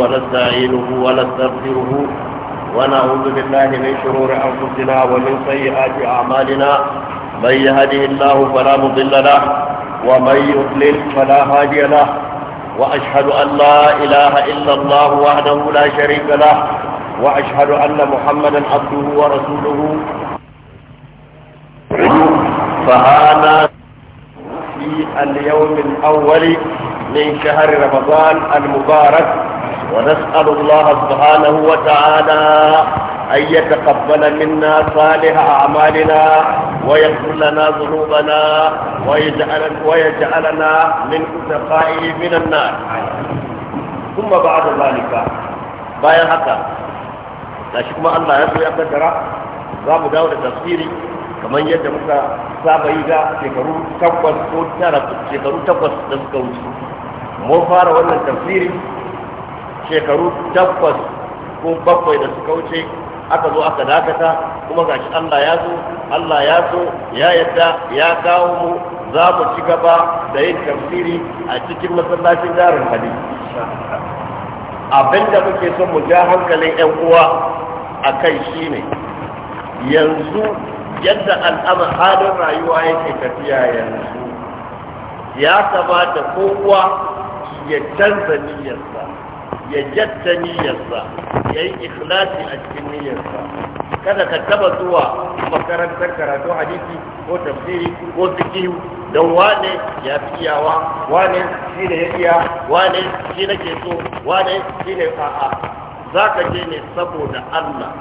ونستعينه ونستغفره ونعوذ بالله من شرور أنفسنا ومن سيئات أعمالنا من يهده الله فلا مضل له ومن يضلل فلا هادي له وأشهد أن لا إله إلا الله وحده لا شريك له وأشهد أن محمدا عبده ورسوله فهانا في اليوم الأول من شهر رمضان المبارك ونسأل الله سبحانه وتعالى أن يتقبل منا صالح أعمالنا ويغفر لنا ذنوبنا ويجعلنا, ويجعلنا من أتقائه من النار ثم بعد ذلك باية حتى لا شكما أن الله يسوي أبدرا باب دور التفسيري kamar yadda muka saba yi ga shekaru takwas ko tara shekaru takwas da suka wuce mun fara wannan tafsirin shekaru tabbas ko bakwai da suka wuce aka zo aka dakata kuma gashi Allah ya zo Allah ya zo. ya yadda ya kawo mu za mu ci gaba da yin tafsiri a cikin masallacin jarin abin abinda muke son mu ja hankalin yan uwa a kai shine yanzu yadda al'ama halin rayuwa yake tafiya yanzu ya kamata kowa ya canza niyyarsa ya jatta niyyarsa ya yi ikhlasi a cikin niyyarsa kada ka taba zuwa makarantar karatu hadisi ko tafsiri ko fikihu don wane ya fi iyawa wane shi ne ya iya wane shi ne ke so wane shi ne fa'a za ka je ne saboda allah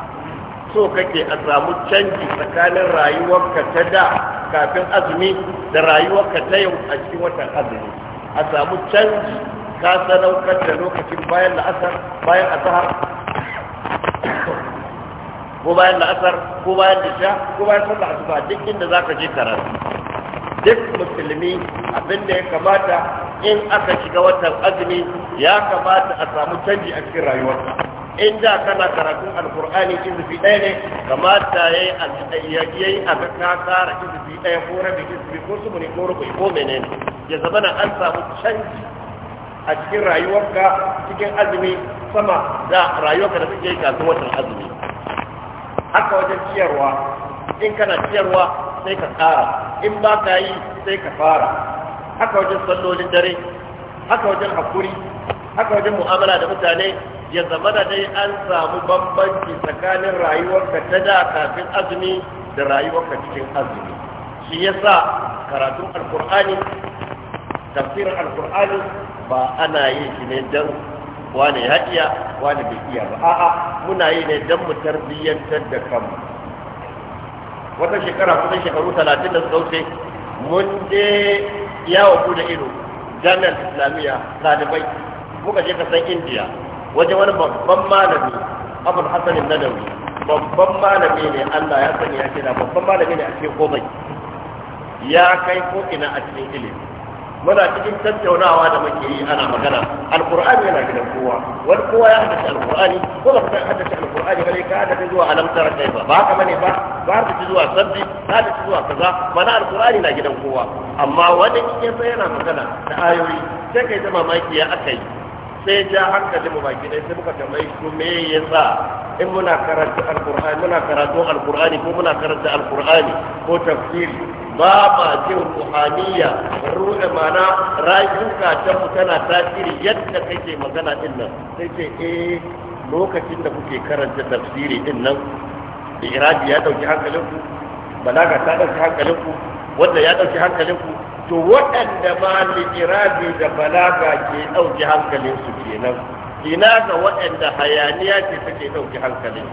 so kake a samu canji tsakanin rayuwarka ta da kafin azumi da rayuwarka ta yau a cikin watan azumi a samu canji ka sadaukar da lokacin bayan la'asar bayan asahar ko bayan la'asar ko bayan isha ko bayan sallah asuba duk inda za ka je karatu duk musulmi abin da ya kamata in aka shiga watan azumi ya kamata a samu canji a cikin rayuwarsa in da kana karatun alkur'ani izufi ɗaya ne kamata ya yi a ga ka kara izufi ɗaya ko rabin izufi ko su ne ko rubai ko menene ya zama na an samu canji a cikin rayuwarka cikin azumi sama da rayuwarka da kake yi watan azumi haka wajen ciyarwa in kana ciyarwa sai ka tsara in ba ka yi sai ka fara haka wajen sallolin dare haka wajen hakuri haka wajen mu'amala da mutane ya zama da dai an samu bambanci tsakanin rayuwarka ta da kafin azumi da rayuwarka cikin azumi shi yasa karatun alkur'ani tafsirin alkur'ani ba ana yi shi ne don wani ya iya wani bai iya ba a'a muna yi ne don mu tarbiyyantar da kanmu wata shekara kusan shekaru talatin da suka wuce mun je yawo bude ido jami'ar islamiyya ɗalibai muka je kasan indiya wajen wani babban malami abu hasanin nadawi babban malami ne allah ya sani ya kira babban malami ne a cikin komai ya kai ko ina a cikin ilimi muna cikin tattaunawa da muke yi ana magana alqur'ani yana gidan kowa wani kowa ya haddace alkur'ani ko ba ka haddace alqur'ani ba ne ka haddace zuwa alam kai ba ba kama ne ba ba haddace zuwa sabbi ka haddace zuwa kaza mana alkur'ani na gidan kowa amma wanda kike sai yana magana da ayoyi sai kai ta mamaki ya akai sai ja hankali mu baki dai sai muka tambayi ko me yasa in muna karatu alkur'ani muna karatu ko muna karanta alkur'ani ko tafsiri ba ma jin ruhaniya ruɗe mana rayuka ta tana tasiri yadda kake magana din nan sai ce eh lokacin da kuke karanta tafsiri din nan irabi ya dauki hankalinku balaga ta dauki hankalinku wanda ya dauki hankalinku to waɗanda ma irabi da balaga ke dauki su kenan ina ga waɗanda hayaniya ce take dauki hankalin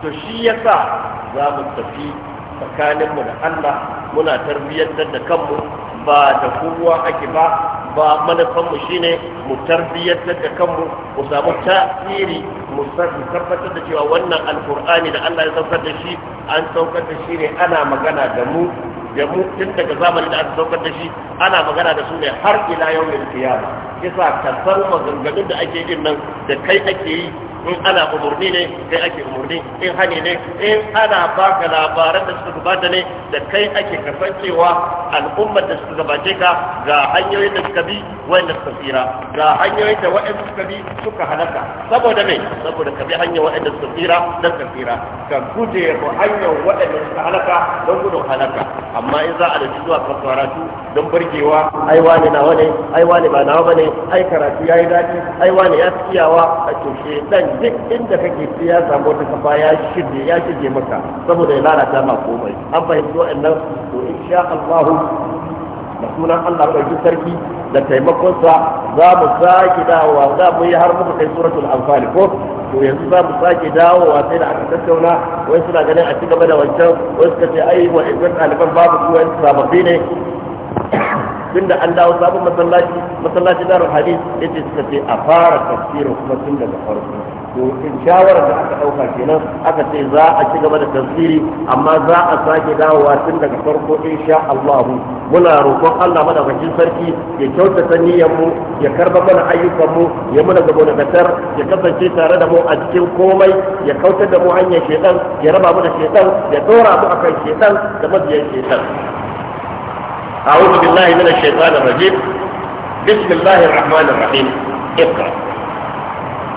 to shi yasa za mu tafi tsakaninmu da Allah muna tarbiyyantar da kanmu ba da kowa ake ba ba manufanmu shine mu tarbiyyantar da kanmu mu samu tasiri mu tabbatar da cewa wannan alkur'ani da Allah ya saukar da shi an saukar da shi ne ana magana da mu da mu tun daga zamanin da aka saukar da shi ana magana da su ne har ila yau mai kiyama kisa ka san maganganun da ake yin nan da kai ake yi in ana umurni ne kai ake umurni in hani ne in ana baka labaran da suka gabata ne da kai ake karɓar cewa al'ummar da suka gabace ka ga hanyoyin da suka bi wanda suka tsira ga hanyoyin da waɗanda suka bi suka halaka saboda me saboda ka bi hanyar waɗanda suka tsira da suka tsira ka guje wa hanyar waɗanda suka halaka don gudun halaka amma in za a da zuwa kasuwaratu don burgewa ai wani nawa ne ai wani ba nawa ba ne? ai karatu yayi daɗi ai wani ya fi iyawa a to shedan duk inda kake siya ya samu wata kafa ya shige ya shige maka saboda ya lalata ma komai an fahimci wa'annan to insha Allah da sunan Allah ɗauki sarki da taimakonsa za mu sake dawowa za mu yi har muka kai suratul anfal ko to yanzu za mu sake dawowa sai da aka tattauna wai suna ganin a cigaba da wancan wai suka ce ai wa idan ɗaliban babu su wani sababbi ne tunda an dawo sabon masallaci masallaci darul hadis yace suka ce a fara tafsirin kuma tun daga farko to in shawarar da aka ɗauka kenan aka ce za a ci gaba da tafsiri amma za a sake dawowa tun daga farko in sha Allah muna roƙon Allah mana madaukakin sarki ya kyautata niyyar mu ya karba mana ayyukan mu ya muna gaba da gatar ya kasance tare da mu a cikin komai ya kautar da mu hanyar shedan ya raba mu da shedan ya dora mu akan shedan da mabiyan shedan أعوذ بالله من الشيطان الرجيم بسم الله الرحمن الرحيم اقرأ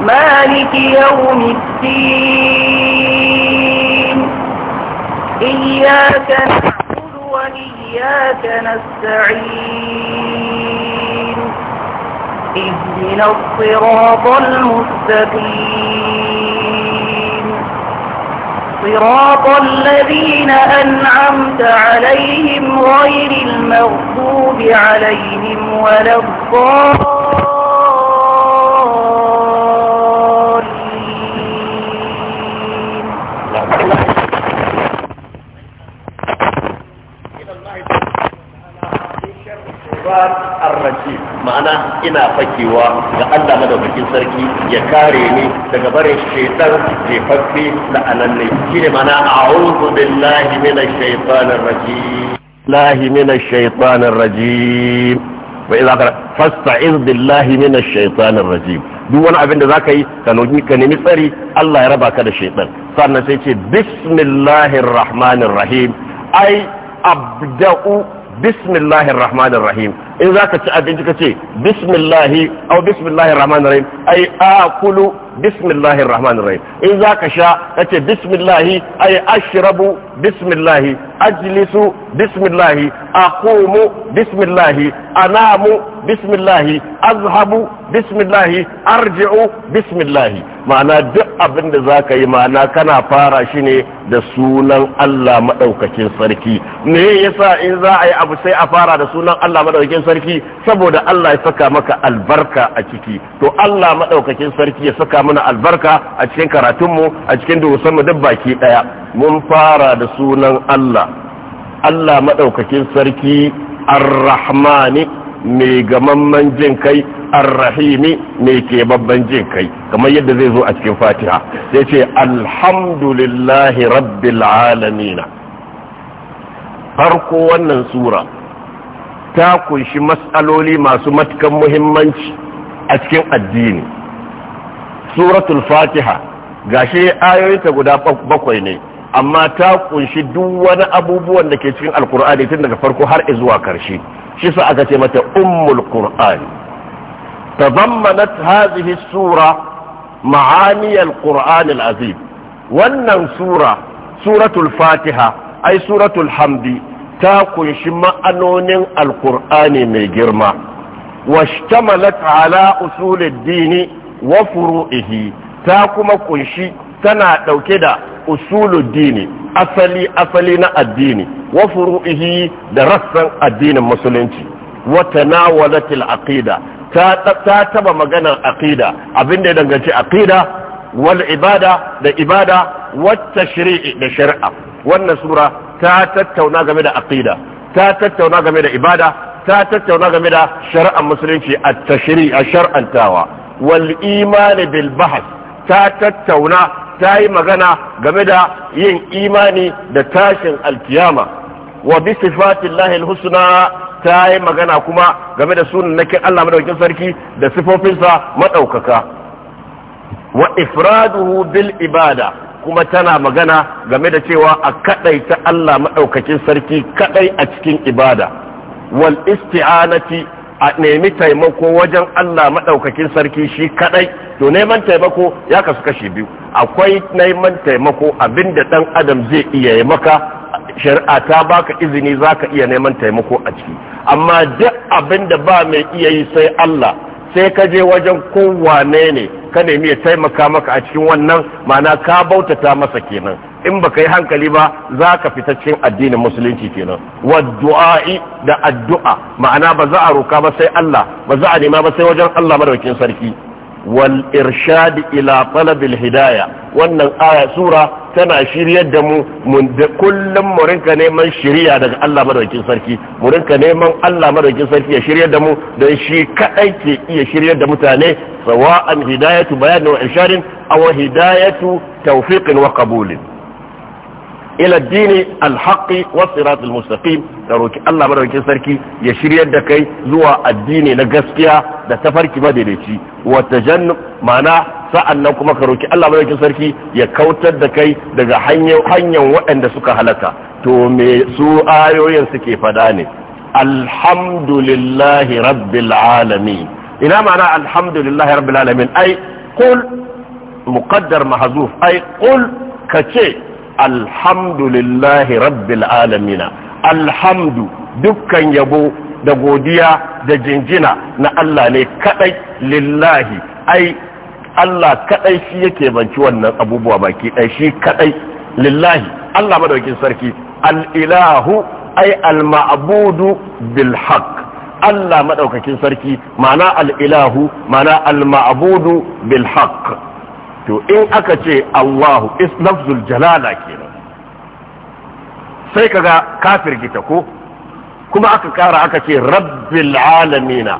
مالك يوم الدين إياك نعبد وإياك نستعين إذن الصراط المستقيم صراط الذين أنعمت عليهم غير المغضوب عليهم ولا الضالين ma'ana ina fakewa ga Allah madaukakin sarki ya kare ni daga barin shaitan jefaffe la'ananne shine ma'ana a'udhu billahi minash shaitanir rajim billahi minash shaitanir rajim wa idza qara fasta'iz billahi minash shaitanir rajim duk wani abin da zaka yi ka nemi tsari Allah ya raba ka da shaitan sannan sai ce bismillahir rahmanir rahim ai abda'u bismillahir rahmanir rahim in zaka ci abinci ka ce bismillahi aw bismillahir rahmanir rahim ai akulu bismillahir rahmanir rahim in zaka sha kace bismillahi ai ashrabu bismillahi ajlisu bismillahi aqumu bismillahi anamu bismillahi azhabu bismillahi arji'u bismillahi ma'ana duk abin da za yi ma'ana kana fara shi ne da sunan Allah maɗaukakin sarki me yasa in za a yi abu sai a fara da sunan Allah maɗaukakin sarki saboda Allah ya saka maka albarka a ciki to Allah maɗaukakin sarki ya saka mana albarka a cikin karatunmu a cikin mu duk baki ɗaya mun fara da sunan Allah Allah maɗaukakin sarki arrahmani. mai gamamman jin kai arrahimi mai babban jin kai kamar yadda zai zo a cikin fatiha sai ce alhamdulillahi rabbil alamina farko wannan sura ta kunshi matsaloli masu matukan muhimmanci a cikin addini suratul fatiha gashi ayoyinta guda bakwai ne amma ta kunshi duk wani abubuwan da ke cikin alkur'ani tun daga farko har zuwa karshe shi sa aka ce mata ummul qur'ani tazammanat hadhihi sura ma'ani al-qur'an al-azim wannan sura suratul fatiha ai suratul hamdi ta kunshi ma'anonin alkur'ani mai girma washtamalat ala usulid wa furu'ihi ta kuma kunshi tana ɗauke da usuluddini asali asali na addini wa furu'ihi da rassan addinin musulunci wa tanawalatil aqida ta taba maganar aqida abinda ya danganci aqida wal ibada da ibada wata shari'i da shari'a wannan sura ta tattauna game da aqida ta tattauna game da ibada ta tattauna game da shari'ar musulunci a a shar'antawa wal imani bil bahth ta tattauna ta yi magana game da yin imani da tashin alkiyama wa bi sifatillahi alhusna ta yi magana kuma game da sunan nakin Allah madaukakin sarki da sifofinsa maɗaukaka. wa ifraduhu bil ibada kuma tana magana game da cewa a kaɗaita Allah maɗaukakin sarki kaɗai a cikin ibada wal isti'anati a nemi taimako wajen Allah maɗaukakin sarki shi kaɗai to neman taimako ya kasu kashi biyu akwai neman taimako abinda ɗan adam zai iya yi maka shari'a ta baka izini zaka iya neman taimako a ciki amma duk abinda ba mai iya yi sai Allah sai ka je wajen kowane ne ka nemi ya taimaka maka a cikin wannan ma'ana ka bautata masa kenan in baka yi hankali ba za ka fita cikin addinin musulunci kenan waddu'a'i da addu'a ma'ana ba za a roka ba sai Allah ba za a nema ba sai wajen Allah madaukin sarki wal irshad ila talabil hidaya wannan aya sura tana shiryar da mu da kullum mu rinka neman shiriya daga Allah madaukakin sarki mu rinka neman Allah madaukakin sarki ya shiryar da mu don shi kadai ke iya shiryar da mutane sawa'an hidayatu bayanin wa irshadin aw hidayatu tawfiqin wa qabulin ila dini alhaqi wa siratul mustaqim da roki Allah madaukakin sarki ya shiryar da kai zuwa addini na gaskiya da tafarki madaidaici wa tajannub ma'ana sa'annan kuma ka roki Allah madaukakin sarki ya kautar da kai daga hanyar waɗanda suka halaka to me su ayoyin suke fada ne alhamdulillahi rabbil alamin ina ma'ana alhamdulillahi rabbil alamin ai qul muqaddar mahzuf ai qul kace alhamdulillahi rabbil alamina alhamdu dukkan yabo da godiya da jinjina na Allah ne kadai lillahi ai Allah kadai shi yake banci wannan abubuwa baki ɗaya shi kadai lillahi Allah madaukin sarki al-ilahu ai al-ma'budu bil haq Allah madaukakin sarki ma'ana al-ilahu ma'ana al-ma'budu bil haq to in aka ce Allahu is lafzul jalala kenan sai kaga kafir gita ko kuma aka kara aka ce rabbil alamina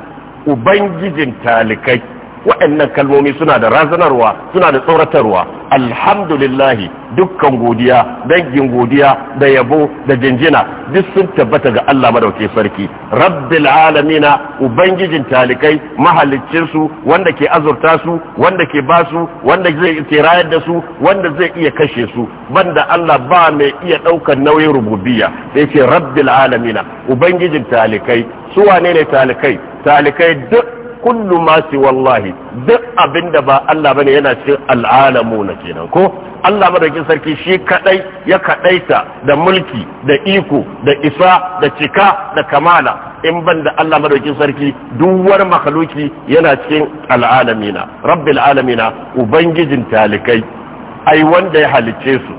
ubangijin talikai waɗannan kalmomi suna da razanarwa suna da tsoratarwa alhamdulillahi dukkan godiya dangin godiya da yabo da jinjina duk sun tabbata ga Allah madauke sarki rabbil alamina ubangijin talikai mahalicin su wanda ke azurta su wanda ke ba su wanda zai ke rayar da su wanda zai iya kashe su banda Allah ba mai iya daukar nauyin rububiyya da yake rabbil alamina ubangijin talikai su wane ne talikai talikai duk kullu ma si wallahi duk abinda ba Allah bane yana cikin al'alamu na kenan ko Allah madaukin sarki shi kadai ya kadaita da mulki da iko da isa da cika da kamala in ban da Allah madaukin sarki duwar makhluki yana cikin al'alamina rabbil alamina ubangijin talikai ai wanda ya halicce su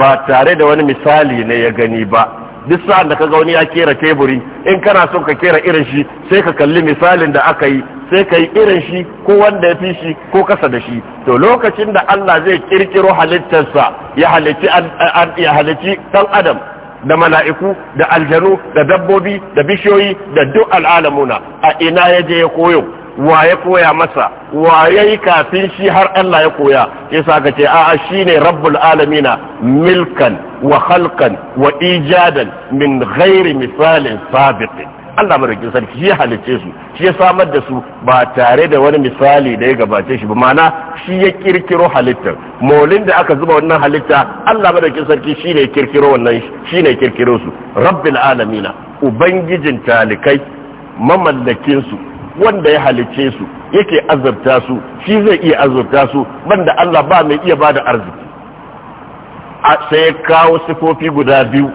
ba tare da wani misali ne ya gani ba duk sa'an da ka wani ya kera teburi in kana son ka kera irin shi sai ka kalli misalin da aka yi sai ka yi irin shi ko wanda ya fi shi ko kasa da shi to lokacin da Allah zai kirkiro halittarsa ya halitti ya halitti dan adam da mala'iku da aljanu da dabbobi da bishiyoyi da duk al'alamuna a ina ya je ya koyo wa ya koya masa wa ya yi kafin shi har Allah ya koya yasa ka ce a'a shine rabbul alamina milkan wa khalqan wa ijadan min ghairi misalin sabiqin Allah madaukin sarki shi ya halice su shi ya samar da su ba tare da wani misali da ya gabace shi ba mana shi ya kirkiro halitta molin da aka zuba wannan halitta Allah madaukin sarki shi ne kirkiro wannan shi ne kirkiro su rabbil alamina ubangijin talikai mamallakin su wanda ya halicce su yake azabta su shi zai iya azabta su banda Allah ba mai iya bada arziki a sai kawo sifofi guda biyu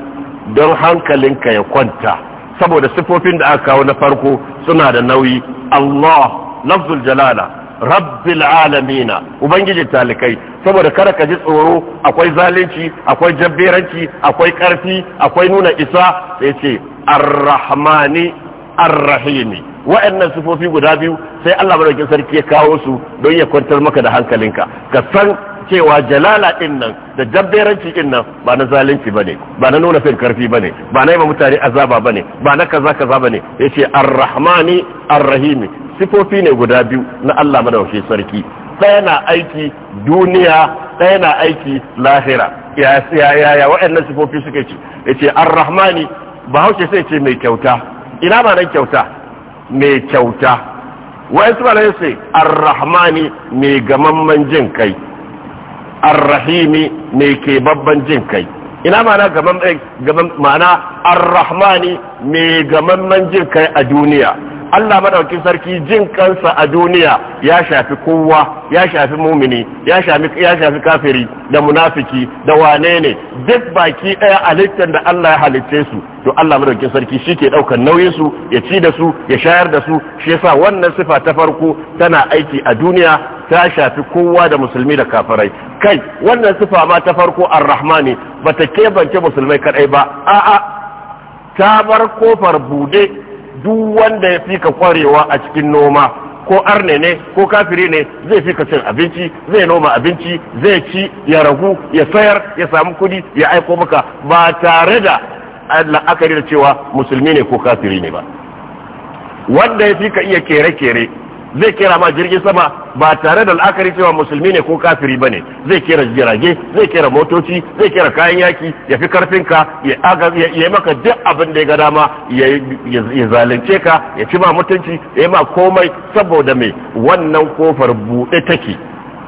don hankalinka ya kwanta saboda sifofin da aka kawo na farko suna da nauyi Allah lafzul jalala rabbil alamina ubangiji talikai saboda kada ka ji tsoro akwai zalunci akwai jabberanci akwai karfi akwai nuna isa sai ce arrahmani arrahimi wa'annan sifofi guda biyu sai Allah madaukakin sarki ya kawo su don ya kwantar maka da hankalinka ka san cewa jalala din nan da jabberanci din nan ba na zalunci bane ba na nuna fin karfi bane ba na yi mutane azaba bane ba na kaza kaza bane yace arrahmani rahmani ar sifofi ne guda biyu na Allah madaukakin sarki ɗaya na aiki duniya ɗaya na aiki lahira ya ya ya waɗannan sifofi suka ce yace arrahmani rahmani ba hauce sai ce mai kyauta ina ba nan kyauta mai kyauta wa'yansu malamai su arrahmani mai gamamman jin kai arrahimi mai babban jin kai ina mana gamamman mana arrahmani mai gamamman jin kai a duniya Allah madaukin sarki jin kansa a duniya ya shafi kowa ya shafi mumini ya shafi ya shafi kafiri da munafiki da wane ne duk baki daya halittar da Allah ya halicce su to Allah madaukin sarki shike daukar nauyin su ya ci da su ya shayar da su shi yasa wannan sifa ta farko tana aiki a duniya ta shafi kowa da musulmi da kafirai kai wannan sifa ma ta farko ar-rahmani bata kebance musulmai kadai ba a'a ta bar kofar bude duk wanda ya fi ka kwarewa a cikin noma ko arne ne ko kafiri ne zai fi ka cin abinci zai noma abinci zai ci ya ragu ya sayar ya samu kudi ya aiko maka ba tare da la'akari da cewa musulmi ne ko kafiri ne ba wanda ya fi ka iya kere-kere zai kera ma jirgin sama ba tare da la'akari cewa musulmi ne ko kafiri bane zai kera jirage zai kera motoci zai kera kayan yaki ya fi karfin ka ya yi maka duk abin da ya ga dama ya zalunce ka ya ci ma mutunci ya yi ma komai saboda mai wannan kofar buɗe take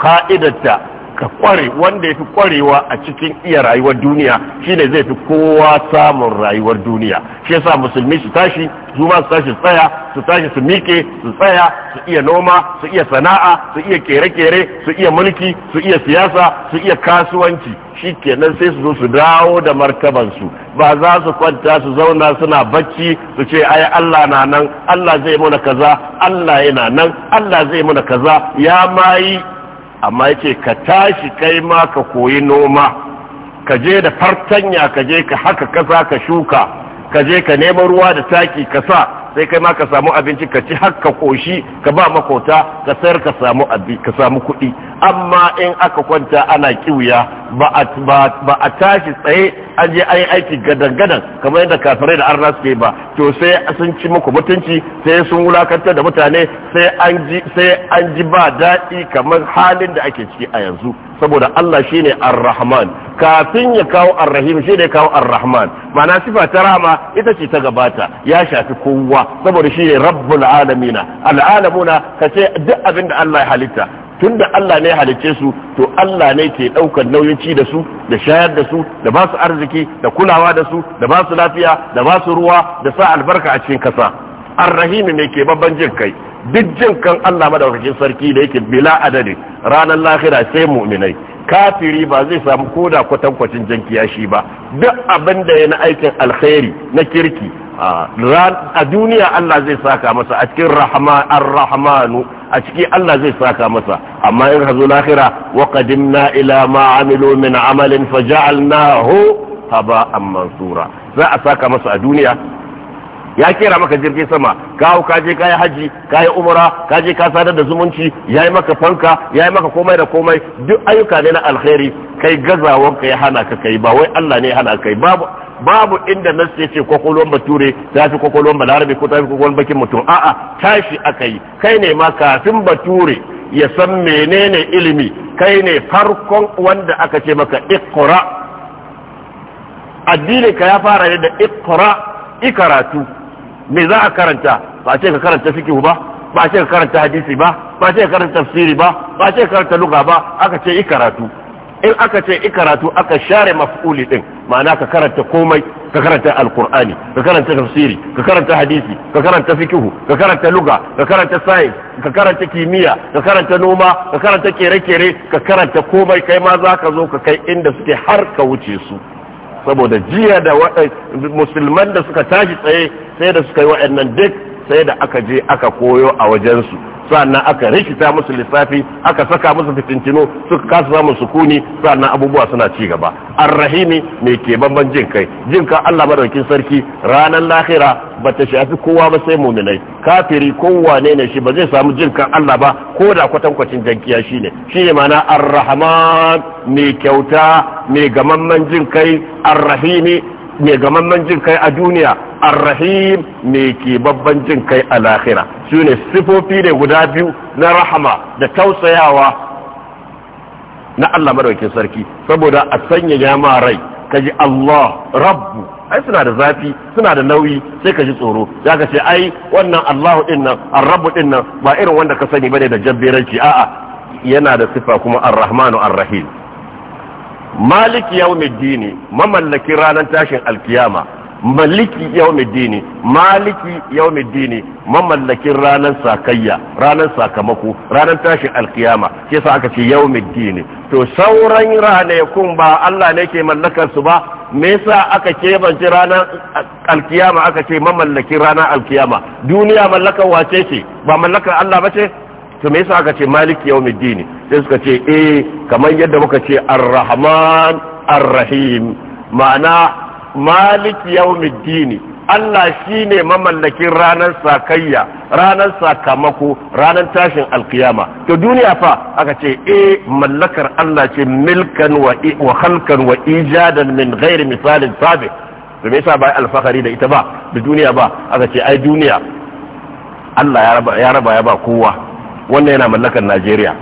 ka'idarta ka kware wanda ya fi kwarewa a cikin iya rayuwar duniya shine zai fi kowa samun rayuwar duniya shi yasa musulmi su tashi su ma su tashi tsaya su tashi su mike su tsaya su iya noma su iya sana'a su iya kere-kere su iya mulki su iya siyasa su iya kasuwanci shi kenan sai su zo su dawo da martaban su ba za su kwanta su zauna suna bacci su ce ai Allah na nan Allah zai mana kaza Allah yana nan Allah zai mana kaza ya mayi amma yake ka tashi kai ma ka koyi noma ka je da fartanya ka je ka haka kasa ka shuka ka je ka neman ruwa da taki ka sa sai kai ma ka samu abinci ka ci har ka koshi ka ba makota ka sayar ka samu ka samu kuɗi amma in aka kwanta ana kiwuya ba a tashi tsaye an je an yi aiki gadan-gadan kamar yadda kafirai da arna suke ba to sai sun ci muku mutunci sai sun wulakantar da mutane sai an ji ba daɗi kamar halin da ake ciki a yanzu saboda Allah ne ar-rahman kafin ya kawo ar-rahim ne kawo ar-rahman ma'ana sifa ta rahama ita ce ta gabata ya shafi kowa saboda shi ne rabbul alamina al'alamuna kace duk abin da Allah ya halitta tun da Allah ne halicce su to Allah ne ke ɗaukar nauyin ci da su da shayar da su da ba su arziki da kulawa da su da ba su lafiya da ba su ruwa da sa albarka a cikin kasa arrahimi ne ke babban jin kai duk jin kan Allah madaukakin sarki da yake bila adadi ranar lahira sai mu'minai kafiri ba zai samu koda kwatankwacin jan kiyashi ba duk abin da ya na aikin alkhairi na kirki a duniya Allah zai saka masa a cikin ar-rahmanu a cikin Allah zai saka masa amma in hazo lahira wa qadimna ila ma amilu min amalin faja'alnahu haba'an mansura za a saka masa a duniya ya kera maka jirgin sama ka hau ka je ka yi haji ka yi umra ka je ka sadar da zumunci ya yi maka fanka ya yi maka komai da komai duk ayyuka ne na alkhairi kai gazawar ka ya hana ka kai ba wai Allah ne ya hana kai babu babu inda na ya ce kwakwalwan bature ta fi ba balarabe ko ta fi kwakwalwan bakin mutum a'a tashi aka yi kai ne ma kafin bature ya san menene ilimi kai ne farkon wanda aka ce maka ikora addinin ka ya fara ne da ikora ikaratu me za a karanta ba ce ka karanta fikihu ba ba ce ka karanta hadisi ba ba ce ka karanta tafsiri ba ba ce ka karanta lugha ba aka ce i karatu in aka ce i karatu aka share maf'uli din ma'ana ka karanta komai ka karanta alqur'ani ka karanta tafsiri ka karanta hadisi ka karanta fikihu ka karanta lugha ka karanta science ka karanta kimiyya ka karanta noma ka karanta kere-kere ka karanta komai kai ma za ka zo ka kai inda suke har ka wuce su saboda jiya da musulman da suka tashi tsaye sai da suka yi waɗannan duk sai da aka je aka koyo a wajensu sannan aka rikita musu lissafi aka saka musu fitintino suka kasa samun sukuni sannan abubuwa suna ci gaba arrahimi mai ke banban jin kai jin ka Allah madaukin sarki ranar lahira ba ta shafi kowa ba sai muminai kafiri kowane ne shi ba zai samu jin kan Allah ba ko da kwatankwacin jankiya shine shine ma'ana arrahman mai kyauta mai gamamman jin kai arrahimi mai gamamman jin kai a duniya arrahim ne ke babban jin kai a lahira su ne sifofi ne guda biyu na rahama da tausayawa na Allah madaukin sarki saboda a sanya yama rai kaji Allah rabbu ai suna da zafi suna da nauyi sai ka ji tsoro ya ka ce ai wannan Allahu din nan arrabu din nan ba irin wanda ka sani bane da jabberanci a'a yana da sifa kuma arrahmanu arrahim maliki yawmiddini mamallakin ranar tashin alkiyama maliki yawmiddini maliki yawmiddini mamallakin ranar sakayya ranar sakamako ranar tashin alkiyama shi yasa aka ce yawmiddini to sauran ranakun ba Allah ne ke mallakar su ba me yasa aka kebance ranar alkiyama aka ce mamallakin ranar alkiyama duniya mallakar wace ce ba mallakar Allah ba ce to me yasa aka ce maliki yawmiddin sai suka ce eh kamar yadda muka ce ar-rahman ma'ana maliki Allah shine mamallakin ranar sakayya ranar sakamako ranar tashin alkiyama to duniya fa aka ce eh mallakar Allah ce milkan wa halkan wa ijadan min ghairi misalin sabi to me yasa ba alfahari da ita ba da duniya ba aka ce ai duniya Allah ya raba ya ba kowa wannan yana mallakar najeriya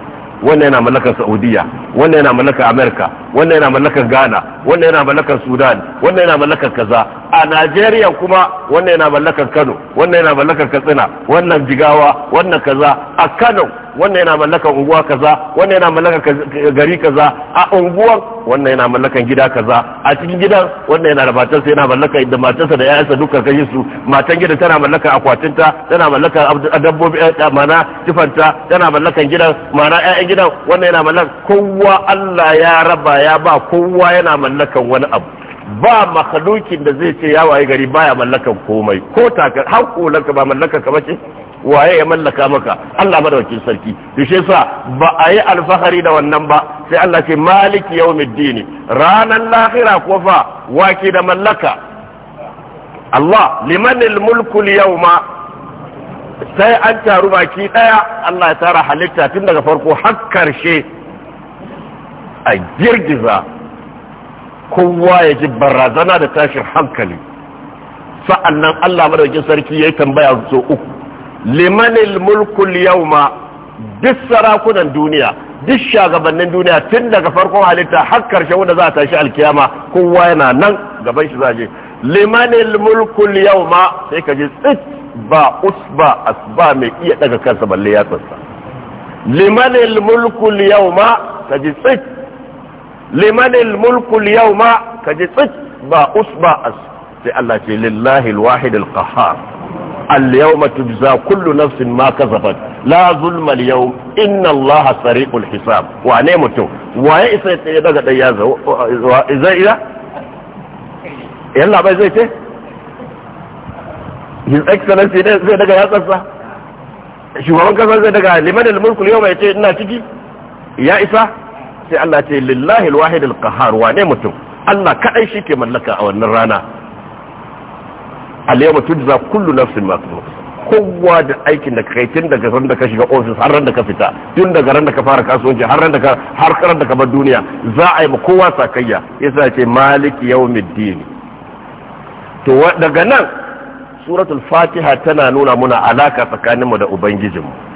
wannan yana mallakar saudiya wannan yana mallakar amerika wannan yana mallakar ghana wannan yana mallakar sudan wannan yana mallakar kaza a nigeria kuma wannan yana mallakar kano wannan yana mallakar katsina wannan jigawa wannan kaza a kano wannan yana mallakar unguwa kaza wannan yana mallakar gari kaza a unguwar wannan yana mallakar gida kaza a cikin gidan wannan yana da matarsa yana mallakar da matarsa da yayansa duka kashin su matan gidan tana mallakar akwatinta tana mallakar dabbobi mana tufanta tana mallakar gidan mana ya'yan gidan wannan yana mallakar kowa kowa Allah ya raba ya ba kowa yana mallakan wani abu ba makhlukin da zai ce ya waye gari baya mallakan komai ko takar haƙolanka ba mallakan ka bace waye ya mallaka maka Allah madaukakin sarki to shi yasa ba a yi alfahari da wannan ba sai Allah ce maliki yawmiddin ranan lahira ko fa waki da mallaka Allah limanil yau ma sai an taru baki daya Allah ya tara halitta tun daga farko har karshe a girgiza kowa ya ji barazana da tashin hankali sa'annan Allah madaukin sarki ya yi tambaya so uku limanil mulkul yauma duk sarakunan duniya duk shagabannin duniya tun daga farkon halitta har karshe wanda za a tashi alkiyama kowa yana nan gaban shi zaje limanil mulkul yauma sai ka ji tsit ba usba asba mai iya daga kansa balle ya tsatsa limanil mulkul yauma ka ji tsit limanil mulkul ma kaji tsit ba usba as sai Allah ce lillahi alwahid alqahhar اليوم تجزى كل نفس ما كسبت لا ظلم اليوم ان الله سريع الحساب wane mutum waye isa ya daga dai ya zo zai ce his excellency ne zai daga ya tsatsa shugaban kasar zai daga liman al-mulk al-yawma ina ciki ya isa sai Allah ce lillahi alwahid alqahar ne mutum Allah kadai ke mallaka a wannan rana al-yawma tujza kullu nafsin ma kowa da aikin da kai tun daga ran da ka shiga ofis har ran da ka fita tun daga ran da ka fara kasuwanci har ran da ka har ran da ka bar duniya za a yi ma kowa sakayya yasa ce maliki yawmiddin to daga nan suratul fatiha tana nuna muna alaka tsakaninmu da ubangijinmu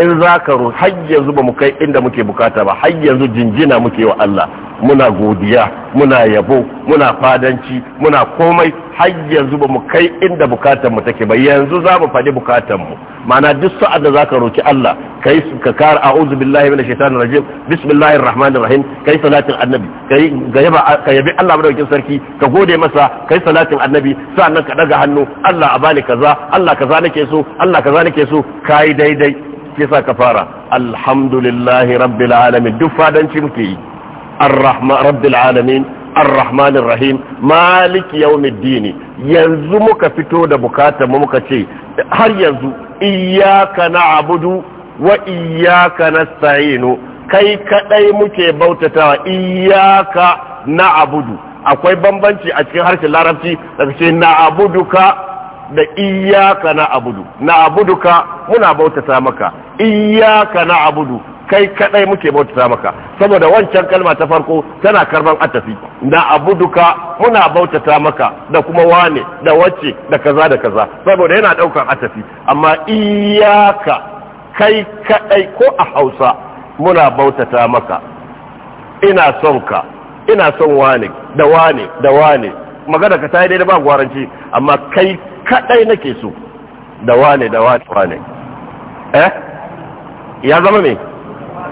in za ka ru har yanzu ba mu kai inda muke bukata ba har yanzu jinjina muke wa Allah muna godiya muna yabo muna fadanci muna komai har yanzu ba mu kai inda bukatar mu take ba yanzu za mu faɗi bukatar mu ma'ana duk sa'ad da zaka roki Allah kai ka kar a'udhu billahi minash shaitanir rajim bismillahir rahmanir rahim kai salatin annabi kai yaba ka yabi Allah madaukakin sarki ka gode masa kai salatin annabi sa'annan ka daga hannu Allah a bani kaza Allah kaza nake so Allah kaza nake so kai daidai shi yasa ka fara alhamdulillahi rabbil alamin duk fadanci muke yi arrahman rabbil alamin arrahmanir rahim maliki yawmiddin yanzu muka fito da bukatar mu muka ce har yanzu iyyaka na'budu wa iyyaka nasta'inu kai kadai muke bautatawa iyyaka na'budu akwai bambanci a cikin harshen larabci daga ce na'buduka da iyaka na abudu na abudu ka muna bautata maka iyaka na abudu kai kadai muke bautata maka saboda wancan kalma ta farko tana karban atafi na abudu ka muna bautata maka da kuma wane da wacce da kaza da kaza saboda yana daukan atafi amma iyaka kai kadai ko a hausa muna bautata maka ina son ka ina son wane da wane da wane magana ka ta yi daidai ba gwaranci amma kai kadai nake so da wane da wane wane eh ya zama me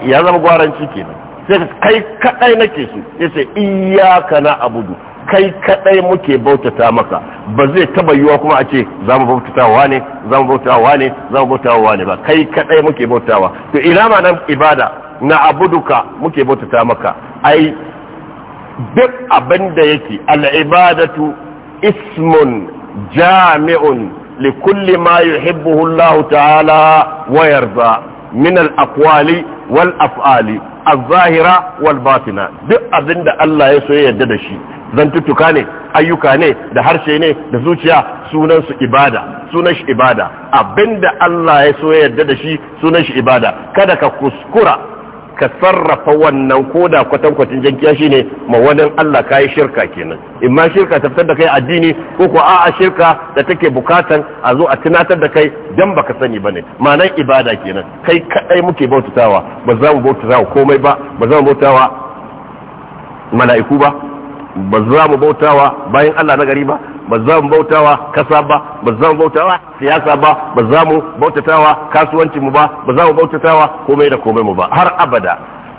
ya zama gwaranci kenan sai kai kadai nake so yace iyyaka na abudu kai kadai muke bautata maka ba zai taba yiwa kuma a ce za mu bautata wa ne za mu bautata wa ne za mu bautata wa ne ba kai kadai muke bautawa to ina ma nan ibada na abuduka muke bautata maka ai duk abin da yake al-ibadatu ismun jami'un li kulli ma yuhibbuhu Allah ta'ala wa yarda min al-aqwali wal af'ali az-zahira wal batina duk abinda Allah ya so ya yarda da shi zantuttuka ne ayyuka ne da harshe ne da zuciya sunan su ibada sunan shi ibada abinda Allah ya so ya yarda da shi sunan shi ibada kada ka kuskura ka sarrafa wannan koda kwatankwacin jankiya shine ma wani Allah ka yi shirka kenan in ma shirka ta fitar da kai addini ko ko a'a shirka da take bukatan a zo a tunatar da kai dan baka sani bane ma'anar ibada kenan kai kadai muke bautawa ba za mu bautawa komai ba ba za mu bautawa mala'iku ba ba za mu bautawa bayan Allah na gari ba ba za mu bautawa kasa ba ba za mu bautawa siyasa ba ba za mu bautatawa kasuwancin mu ba ba za mu bautatawa komai da komai mu ba har abada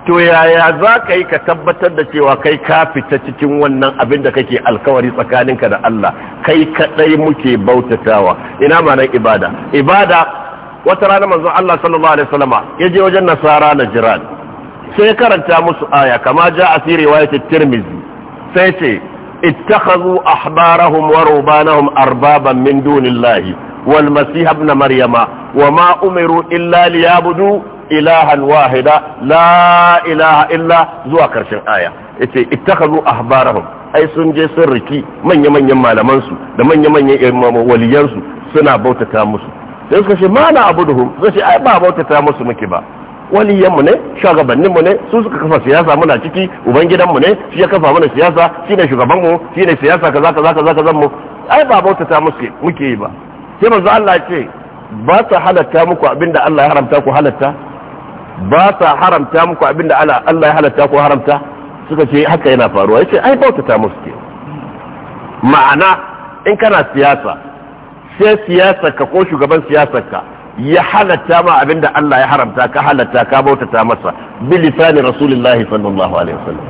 to yaya za ka yi ka tabbatar da cewa kai ka fita cikin wannan abin da kake alkawari tsakaninka da Allah kai kadai muke bautatawa ina ma ibada ibada wata rana manzon Allah sallallahu alaihi wasallama ya je wajen nasara na jiran sai karanta musu aya kama ja a fi tirmizi sai ce اتخذوا أحبارهم ورهبانهم أربابا من دون الله والمسيح ابن مريم وما أمروا إلا ليعبدوا إلها واحدا لا إله إلا زوا كرشن آية اتخذوا أحبارهم أي سنجي سركي من يمن يمع لمنسو لمن يمن يمع وليانسو سنع بوتة تامسو sai suka ce ma na abu duhum zai ce ai ba bauta ta musu muke ba mu ne shugabannin mu ne su suka kafa siyasa muna ciki mu ne shi ya kafa mana siyasa shi ne shugabanmu shi ne siyasa kaza kaza kaza kaza mu ai ba bauta ta muke yi ba sai manzo Allah ya ce ba ta halatta muku abinda Allah ya haramta ku halatta ba ta haramta muku abinda Allah ya halatta ku haramta suka ce haka yana faruwa yace ai bauta ta muke ma'ana in kana siyasa sai siyasa ka ko shugaban ka. ya halatta ma abinda Allah ya haramta ka halatta ka bautata masa bi lisanin rasulullahi sallallahu alaihi wasallam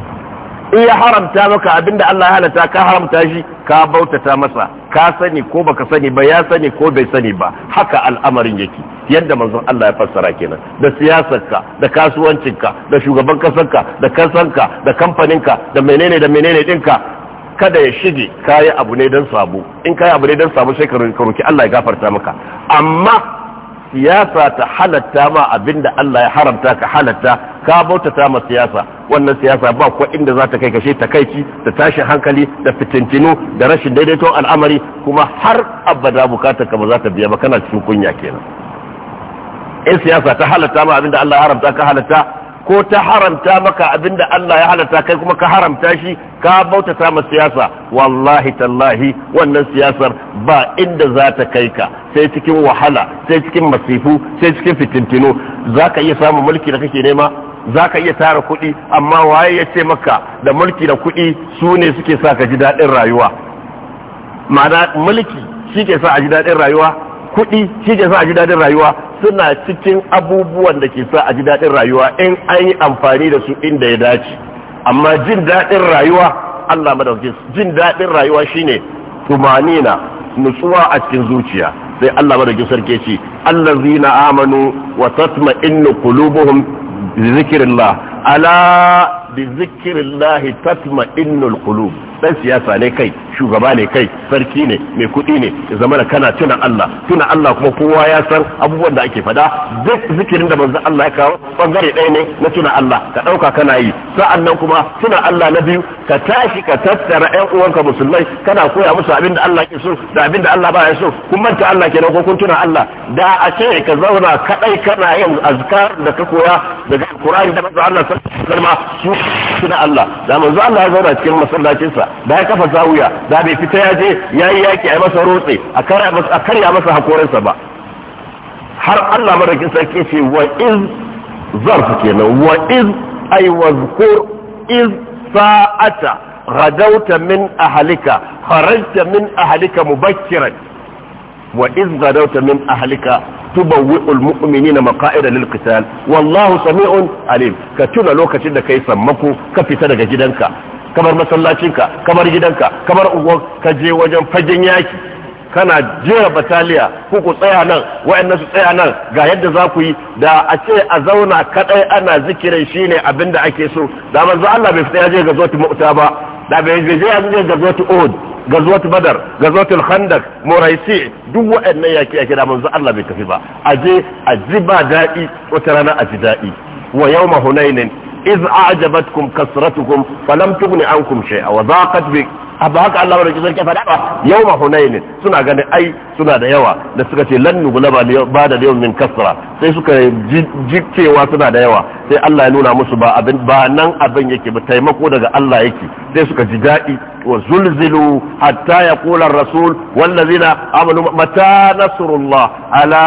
in ya haramta maka abinda Allah ya halatta ka haramta shi ka bautata masa ka sani ko baka sani ba ya sani ko bai sani ba haka al'amarin yake yadda manzon Allah ya fassara kenan da siyasarka da kasuwancinka da shugaban kasarka da kasanka da kamfaninka da menene da menene dinka kada ya shige kayi abu ne don sabo in kayi abu ne don sabo sai ka roki Allah ya gafarta maka amma siyasa ta halatta ma abinda Allah ya haramta ka halatta ka bautata ma siyasa wannan siyasa ba ko inda za ta kai kashe ta kaici da tashin hankali da fitintinu da rashin daidaiton al'amari kuma har abada bukatar ka ba za ta biya ba kana cikin kunya kenan in siyasa ta halatta ma abinda Allah ya haramta ka halatta ko ta haramta maka abinda Allah ya halatta kai kuma ka haramta shi ka bautata ma siyasa wallahi tallahi wannan siyasar ba inda za ta kai ka sai cikin wahala sai cikin masifu sai cikin fitintino za ka iya samun mulki da kake nema za ka iya tara kuɗi amma waye ya ce maka da mulki da kuɗi su ne suke sa ka ji daɗin rayuwa ma'ana mulki shi ke sa a ji daɗin rayuwa kuɗi shi ke sa a ji daɗin rayuwa suna cikin abubuwan da ke sa a ji daɗin rayuwa in an yi amfani da su inda ya dace amma jin daɗin rayuwa Allah madaukakin jin daɗin rayuwa shine tumanina nutsuwa a cikin zuciya sai Allah madaukakin sarki ce zina amanu wa tatma'innu qulubuhum bi zikrillah ala bi zikrillah tatma'innul qulub dan siyasa ne kai shugaba ne kai sarki ne mai kuɗi ne ya zama da kana tuna Allah tuna Allah kuma kowa ya san abubuwan da ake fada duk zikirin da manzon Allah ya kawo bangare ɗaya ne na tuna Allah ka ɗauka kana yi sa'annan kuma tuna Allah na biyu ka tashi ka tattara ƴan uwanka musulmai kana koya musu abin da Allah ke so da abin da Allah baya so kun manta Allah kenan ko kun tuna Allah da a ce ka zauna kadai kana yin azkar da ka koya daga Qur'ani da manzon Allah sallallahu alaihi wasallam tuna Allah da manzon Allah ya zauna cikin masallacinsa da ya kafa zawiya da bai fita ya je ya yi yaki a masa rotse a karya masa hakorinsa ba har Allah madaukin sarki ce wa iz zarf kenan wa iz ay wazkur iz sa'ata غدوت من أهلك خرجت من أهلك مبكرا وإذ غدوت من أهلك تبوئ المؤمنين مقائد للقتال والله سميع عليم كتنا لو كتنا كيسا مكو كفتنا جدنك kamar masallacinka kamar gidanka kamar unguwar ka je wajen fagen yaki kana jera bataliya ku ku tsaya nan wayannan su tsaya nan ga yadda za ku yi da a ce a zauna kadai ana zikirin shine abinda da ake so da manzo Allah bai fita je ga gazotu mu'ta ba da bai je ya je gazotu uhud gazotu badar ga gazotu khandak muraisi duk wayannan yaki yake da manzo Allah bai tafi ba a je a ji ba dadi wata rana a ji dadi wa yawma hunainin إذ أعجبتكم كثرتكم فلم تغن عنكم شيئا وضاقت بكم abu haka Allah barkin sarki faɗa ba yawma hunain suna ganin ai suna da yawa da suka ce lan nuglaba ba da yau min kasra sai suka cewa suna da yawa sai Allah ya nuna musu ba abin ba nan abin yake ba taimako daga Allah yake sai suka ji daɗi wa zulzilu hatta ya kula rasul wallazina amanu mata nasrullah ala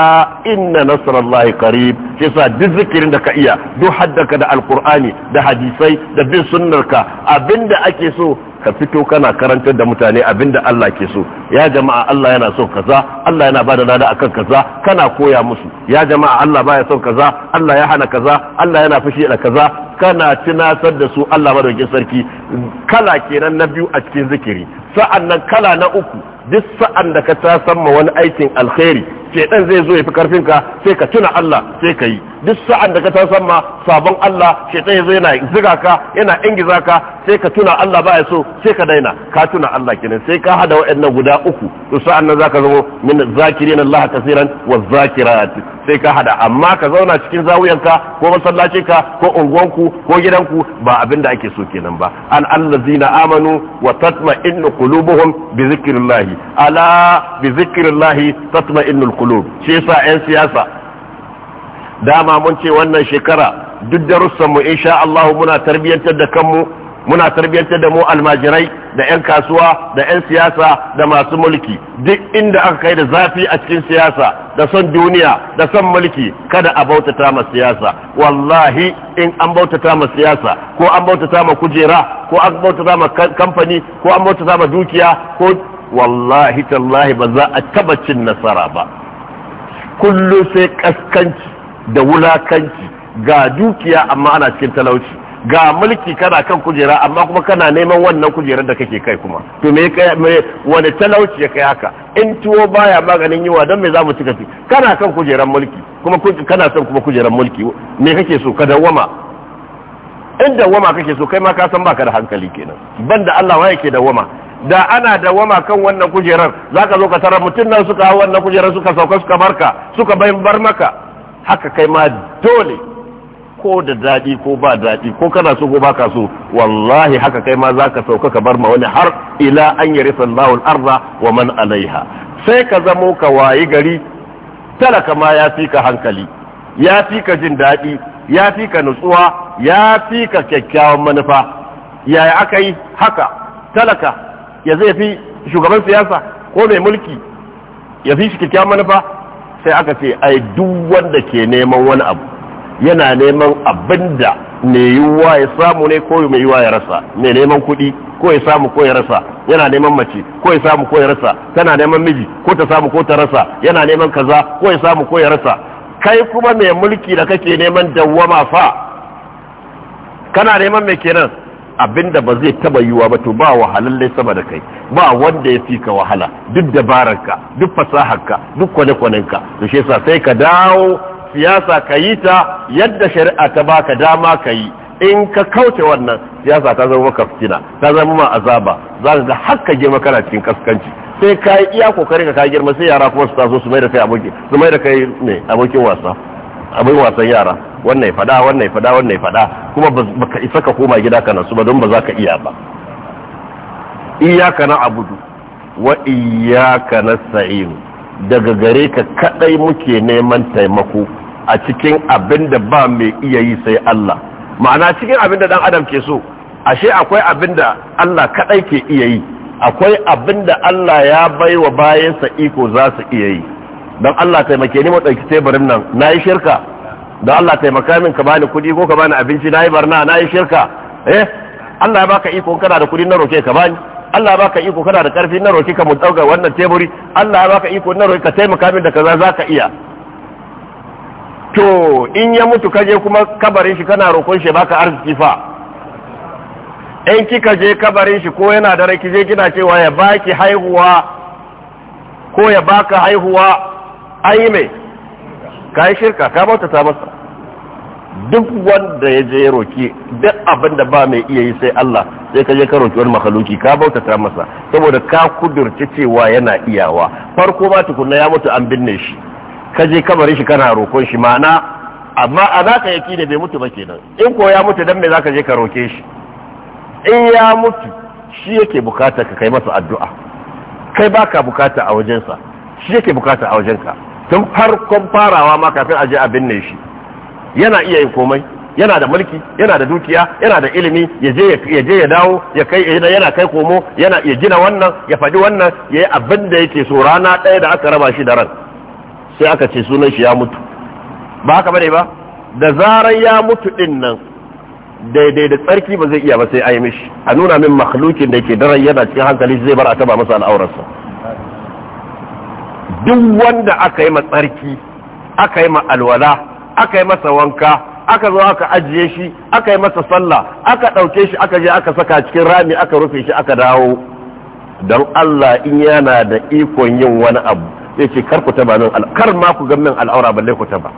inna nasrallahi qarib sai sa duk zikirin da ka iya duk haddaka da alqur'ani da hadisai da bin sunnarka abinda ake so ka fito kana karantar da mutane abinda Allah ke so ya jama'a Allah yana son kaza Allah yana bada lada akan kaza kana koya musu ya jama'a Allah baya son kaza Allah ya hana kaza Allah yana fushi da kaza kana tunatar da su Allah madaukin sarki kala kenan na biyu a cikin zikiri sa'annan kala na uku duk sa'an da ka ma wani aikin alkhairi dan zai zo ya fi karfin ka sai ka tuna Allah sai ka yi duk sa'an da ka ta san ma sabon Allah shaitan yazo yana ziga ka yana ingiza ka sai ka tuna Allah ba ya so sai ka daina ka tuna Allah kenan sai ka hada waɗannan guda uku to sa'an nan zaka zama min zakirin Allah kasiran wa zakirat sai ka hada amma ka zauna cikin zawiyanka ko masallacin ka ko unguwanku ko gidanku ba abin da ake so kenan ba an allazina amanu wa tatma'innu qulubuhum bi zikrillah ala bi zikrillah tatma'innul qulub shi yasa 'yan siyasa dama mun ce wannan shekara duk darussanmu insha Allah muna tarbiyyantar da kanmu muna tarbiyyantar da mu almajirai da 'yan kasuwa da 'yan siyasa da masu mulki duk inda aka kai da zafi a cikin siyasa da son duniya da son mulki kada a bautata ma siyasa wallahi in an bautata ma siyasa ko an bautata ma kujera ko an bautata ma kamfani ko an bautata ma dukiya ko wallahi tallahi ba za a taba cin nasara ba kullu sai kaskanci da wulakanci ga dukiya amma ana cikin talauci ga mulki kana kan kujera amma kuma kana neman wannan kujerar da kake kai kuma to me wani talauci ya kai haka in tuwo baya maganin yiwa don me za mu cika kana kan kujerar mulki kuma kana son kuma kujerar mulki me kake so ka dawwama in dawwama kake so kai ma ka san baka da hankali kenan banda Allah wa yake dawwama da ana dawwama kan wannan kujerar zaka zo ka tarar mutun nan suka hawo wannan kujerar suka sauka suka barka suka bayin bar maka haka kai ma dole ko da daɗi ko ba daɗi ko kana so ko ba ka so wallahi haka kai ma za ka sauka ka bar ma wani har ila an yi risan lawul arza wa man alaiha sai ka zamo ka wayi gari talaka ma ya fi ka hankali ya fi ka jin daɗi ya fi ka nutsuwa ya fi ka kyakkyawan manufa yaya aka yi haka talaka ya zai fi shugaban siyasa ko mai mulki ya fi shi kyakkyawan manufa sai aka ce ai duk wanda ke neman wani abu yana neman abin da mai yiwuwa ya samu ne ko mai yiwuwa ya rasa mai neman kuɗi ko ya samu ko ya rasa yana neman mace ko ya samu ko ya rasa tana neman miji ko ta samu ko ta rasa yana neman kaza ko ya samu ko ya rasa kai kuma mai mulki da kake neman dawwama fa kana neman mai kenan abinda ba zai taba yiwa ba to ba wahalalle sama da kai ba wanda ya fi ka wahala duk dabararka duk fasaharka duk kwane-kwanenka to shi yasa sai ka dawo siyasa ka yi ta yadda shari'a ta baka dama ka yi in ka kauce wannan siyasa ta zama maka fitina ta zama ma azaba za ka ga hakka girma kana cikin kaskanci sai ka yi iya kokarin ka ka girma sai yara kuma su taso su mai da kai mai abokin wasa abin wasan yara wannan ya fada wannan ya fada wannan ya fada kuma baka isa ka koma gida ka su ba don ba za ka iya ba iyaka na abudu wa iyaka na sa'inu daga gare ka kadai muke neman taimako a cikin abin da ba mai iya yi sai Allah ma'ana cikin abin da dan adam ke so ashe akwai abin da Allah kadai ke iya yi akwai abin da Allah ya baiwa bayansa iko za su iya yi don Allah taimake ni mu ɗauki teburin nan na yi shirka don Allah taimaka min ka bani kuɗi ko ka bani abinci na yi barna na yi shirka eh Allah ya baka iko kana da kuɗi na roke ka bani Allah ya baka iko kana da ƙarfi na roke ka mu ɗauka wannan teburi Allah ya baka iko na roke ka taimaka min da kaza zaka ka iya to in ya mutu kaje kuma kabarin shi kana roƙon shi baka arziki fa in kika je kabarin shi ko yana da rai kije kina cewa ya baki haihuwa ko ya baka haihuwa an yi mai ka yi shirka ka bauta ta masa duk wanda ya je roki duk abin da ba mai iya yi sai Allah sai ka je ka roki wani makaluki ka bauta ta masa saboda ka kudurci cewa yana iyawa farko ma tukunna ya mutu an binne shi ka je kabarin shi kana rokon shi ma'ana amma a naka yaki da bai mutu ba kenan in ko ya mutu dan me zaka je ka roke shi in ya mutu shi yake bukata ka kai masa addu'a kai baka bukata a wajensa shi yake bukata a wajenka tun farkon farawa ma kafin a je a binne shi yana iya yin komai yana da mulki yana da dukiya yana da ilimi ya je ya dawo ya kai yana kai komo yana ya gina wannan ya faɗi wannan ya yi abin da yake so rana ɗaya da aka raba shi da ran sai aka ce sunan shi ya mutu ba haka bane ba da zarar ya mutu din nan daidai da tsarki ba zai iya ba sai a yi mishi a nuna min makhlukin da ke daren yana cikin hankali zai bar a taba masa al'aurarsa duk wanda aka yi tsarki, aka yi alwala aka yi masa wanka aka zo aka ajiye shi aka yi masa sallah aka ɗauke shi aka je aka saka cikin rami aka rufe shi aka dawo don Allah in yana da ikon yin wani abu ya ce kar ku taba min kar ma ku ga min al'aura balle ku ba.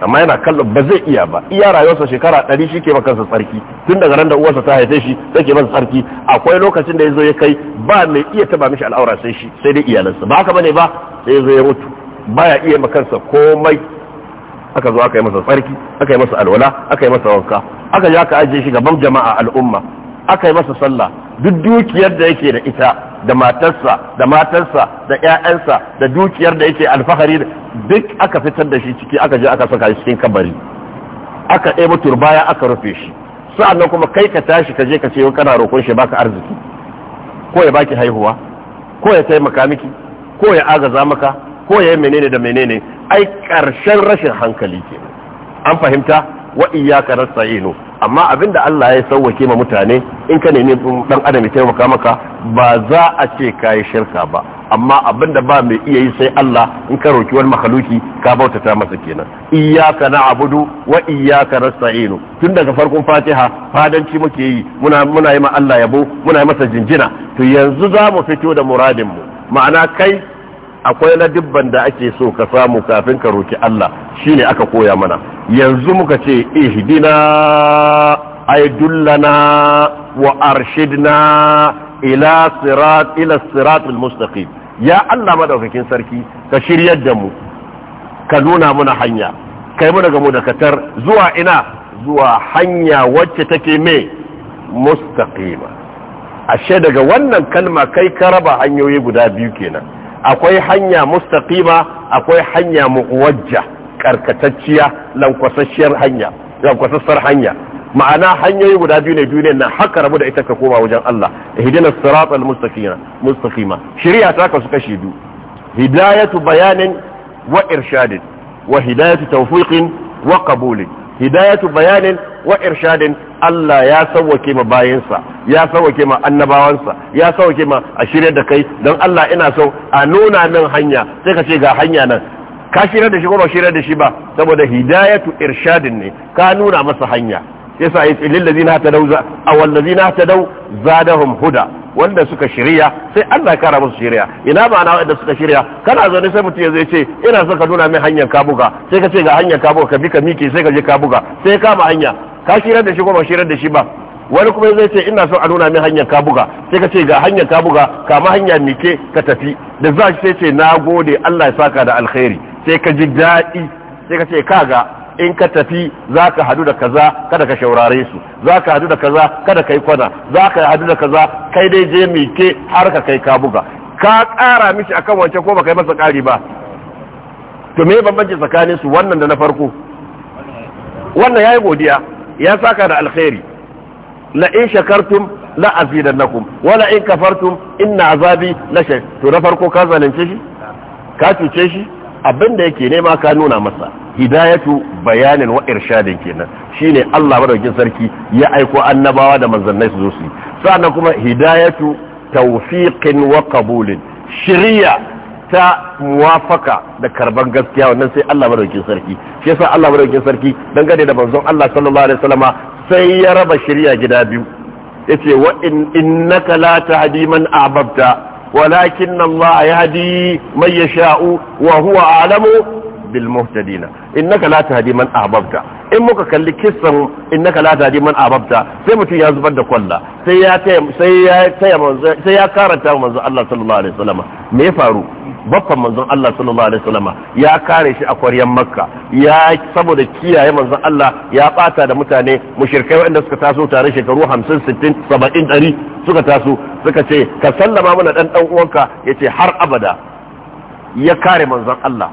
amma yana kallon ba zai iya ba iya rayuwarsa shekara ɗari shi ke makansa tsarki tun daga nan da uwarsa ta haife shi sai ke masa tsarki akwai lokacin da ya zo ya kai ba mai iya taba mishi al'aura sai shi sai dai iyalansa ba haka bane ba sai ya zo ya mutu baya iya makansa komai aka zo aka yi masa tsarki aka yi masa alwala aka yi masa wanka aka je aka ajiye shi gaban jama'a al'umma aka yi masa sallah duk dukiyar da yake da ita da matarsa da matarsa da ƴaƴansa da dukiyar da yake alfahari duk aka fitar da shi ciki aka je aka saka shi cikin kabari aka ɗebo turbaya aka rufe shi sa'annan kuma kai ka tashi ka je ka ce kana roƙon shi baka arziki ko ya baki haihuwa ko ya taimaka miki ko ya agaza maka ko ya yi menene da menene ai ƙarshen rashin hankali ke an fahimta wa iyyaka nasta'inu amma abinda Allah ya sauwake ma mutane in ka nemi dan adam ya taimaka maka ba za a ce kai shirka ba amma abinda ba mai iya yi sai Allah in ka roki wani makhluki ka bautata masa kenan iyyaka na'budu wa iyyaka nasta'inu tun daga farkon Fatiha fadanci muke yi muna muna yi ma Allah yabo muna yi masa jinjina to yanzu za mu fito da muradin mu ma'ana kai akwai na dibban da ake so ka samu kafin ka roki Allah shine aka koya mana yanzu muka ce ihdina ay wa arshidna ila sirat ila sirat almustaqim ya Allah madaukakin sarki ka shiryar da mu ka nuna muna hanya kai mu daga mu da katar zuwa ina zuwa hanya wacce take me mustaqima ashe daga wannan kalma kai ka raba hanyoyi guda biyu kenan akwai hanya mustaqima akwai hanya muwajja karkatacciya lankwasasshiyar hanya lankwasassar hanya ma'ana hanyoyi guda biyu ne duniyar nan haka rabu da ita ka koma wajen Allah ihdinas siratal mustaqima mustaqima shari'a ta ka su kashe biyu hidayatu bayanin wa irshadin wa hidayatu tawfiqin wa qabulin hidayatu bayanin wa irshadin Allah ya sauwake ma bayansa ya sauwake ma annabawansa ya sauwake ma a shirya da kai don Allah ina so a nuna min hanya sai ka ce ga hanya nan ka shirya da shi ko ba shirya da shi ba saboda hidayatu irshadin ne ka nuna masa hanya yasa ya tsilin zina ta dau awal ta dau zadahum huda wanda suka shirya sai Allah ya kara musu shirya ina ma'ana wanda suka shirya kana zaune sai mutum ya zai ce ina son ka nuna min hanyar ka buga sai ka ce ga hanyar ka ka bi ka miƙe sai ka je ka sai ka kama hanya ka shirar da shi ko ba shirar da shi ba wani kuma zai ce ina son a nuna min hanyar ka buga sai ka ce ga hanyar ka buga kama hanya mike ka tafi da za shi sai ce na gode Allah ya saka da alkhairi sai ka ji daɗi sai ka ce ka ga. in ka tafi za ka hadu da kaza kada ka shaurare su za ka hadu da kaza kada ka yi kwana za ka hadu da kaza kai dai je mike har ka kai ka buga ka ƙara mishi akan wancan ko baka yi masa ƙari ba to me bambanci tsakanin su wannan da na farko wannan yayi godiya ya saka da alkhairi la in shakartum la azidannakum wala in kafartum inna azabi la shay to na farko ka zalunce shi ka cuce shi abinda yake nema ka nuna masa hidayatu bayanin wa irshadin kenan shine Allah madaukakin sarki ya aiko annabawa da manzannai su zo su sannan kuma hidayatu tawfiqin wa qabulin shiriya ta muwafaka da karban gaskiya wannan sai Allah madaukakin sarki shi yasa Allah madaukakin sarki dangane da manzon Allah sallallahu alaihi wasallama sai ya raba shiriya gida biyu yace wa innaka la tahdi man ahbabta ولكن الله يهدي من يشاء وهو alamu. bil muhtadina innaka la tahdi man ahbabta in muka kalli kissan innaka la tahdi man ahbabta sai mutum ya zubar da kwalla sai ya sai ya taya manzo sai ya karanta manzo Allah sallallahu alaihi wasallam me ya faru baffan manzon Allah sallallahu alaihi wasallam ya kare shi a kwaryan Makka ya saboda kiyaye manzon Allah ya bata da mutane mushrikai waɗanda suka taso tare shekaru 50 60 70 dari suka taso suka ce ka sallama mana dan dan uwanka yace har abada ya kare manzon Allah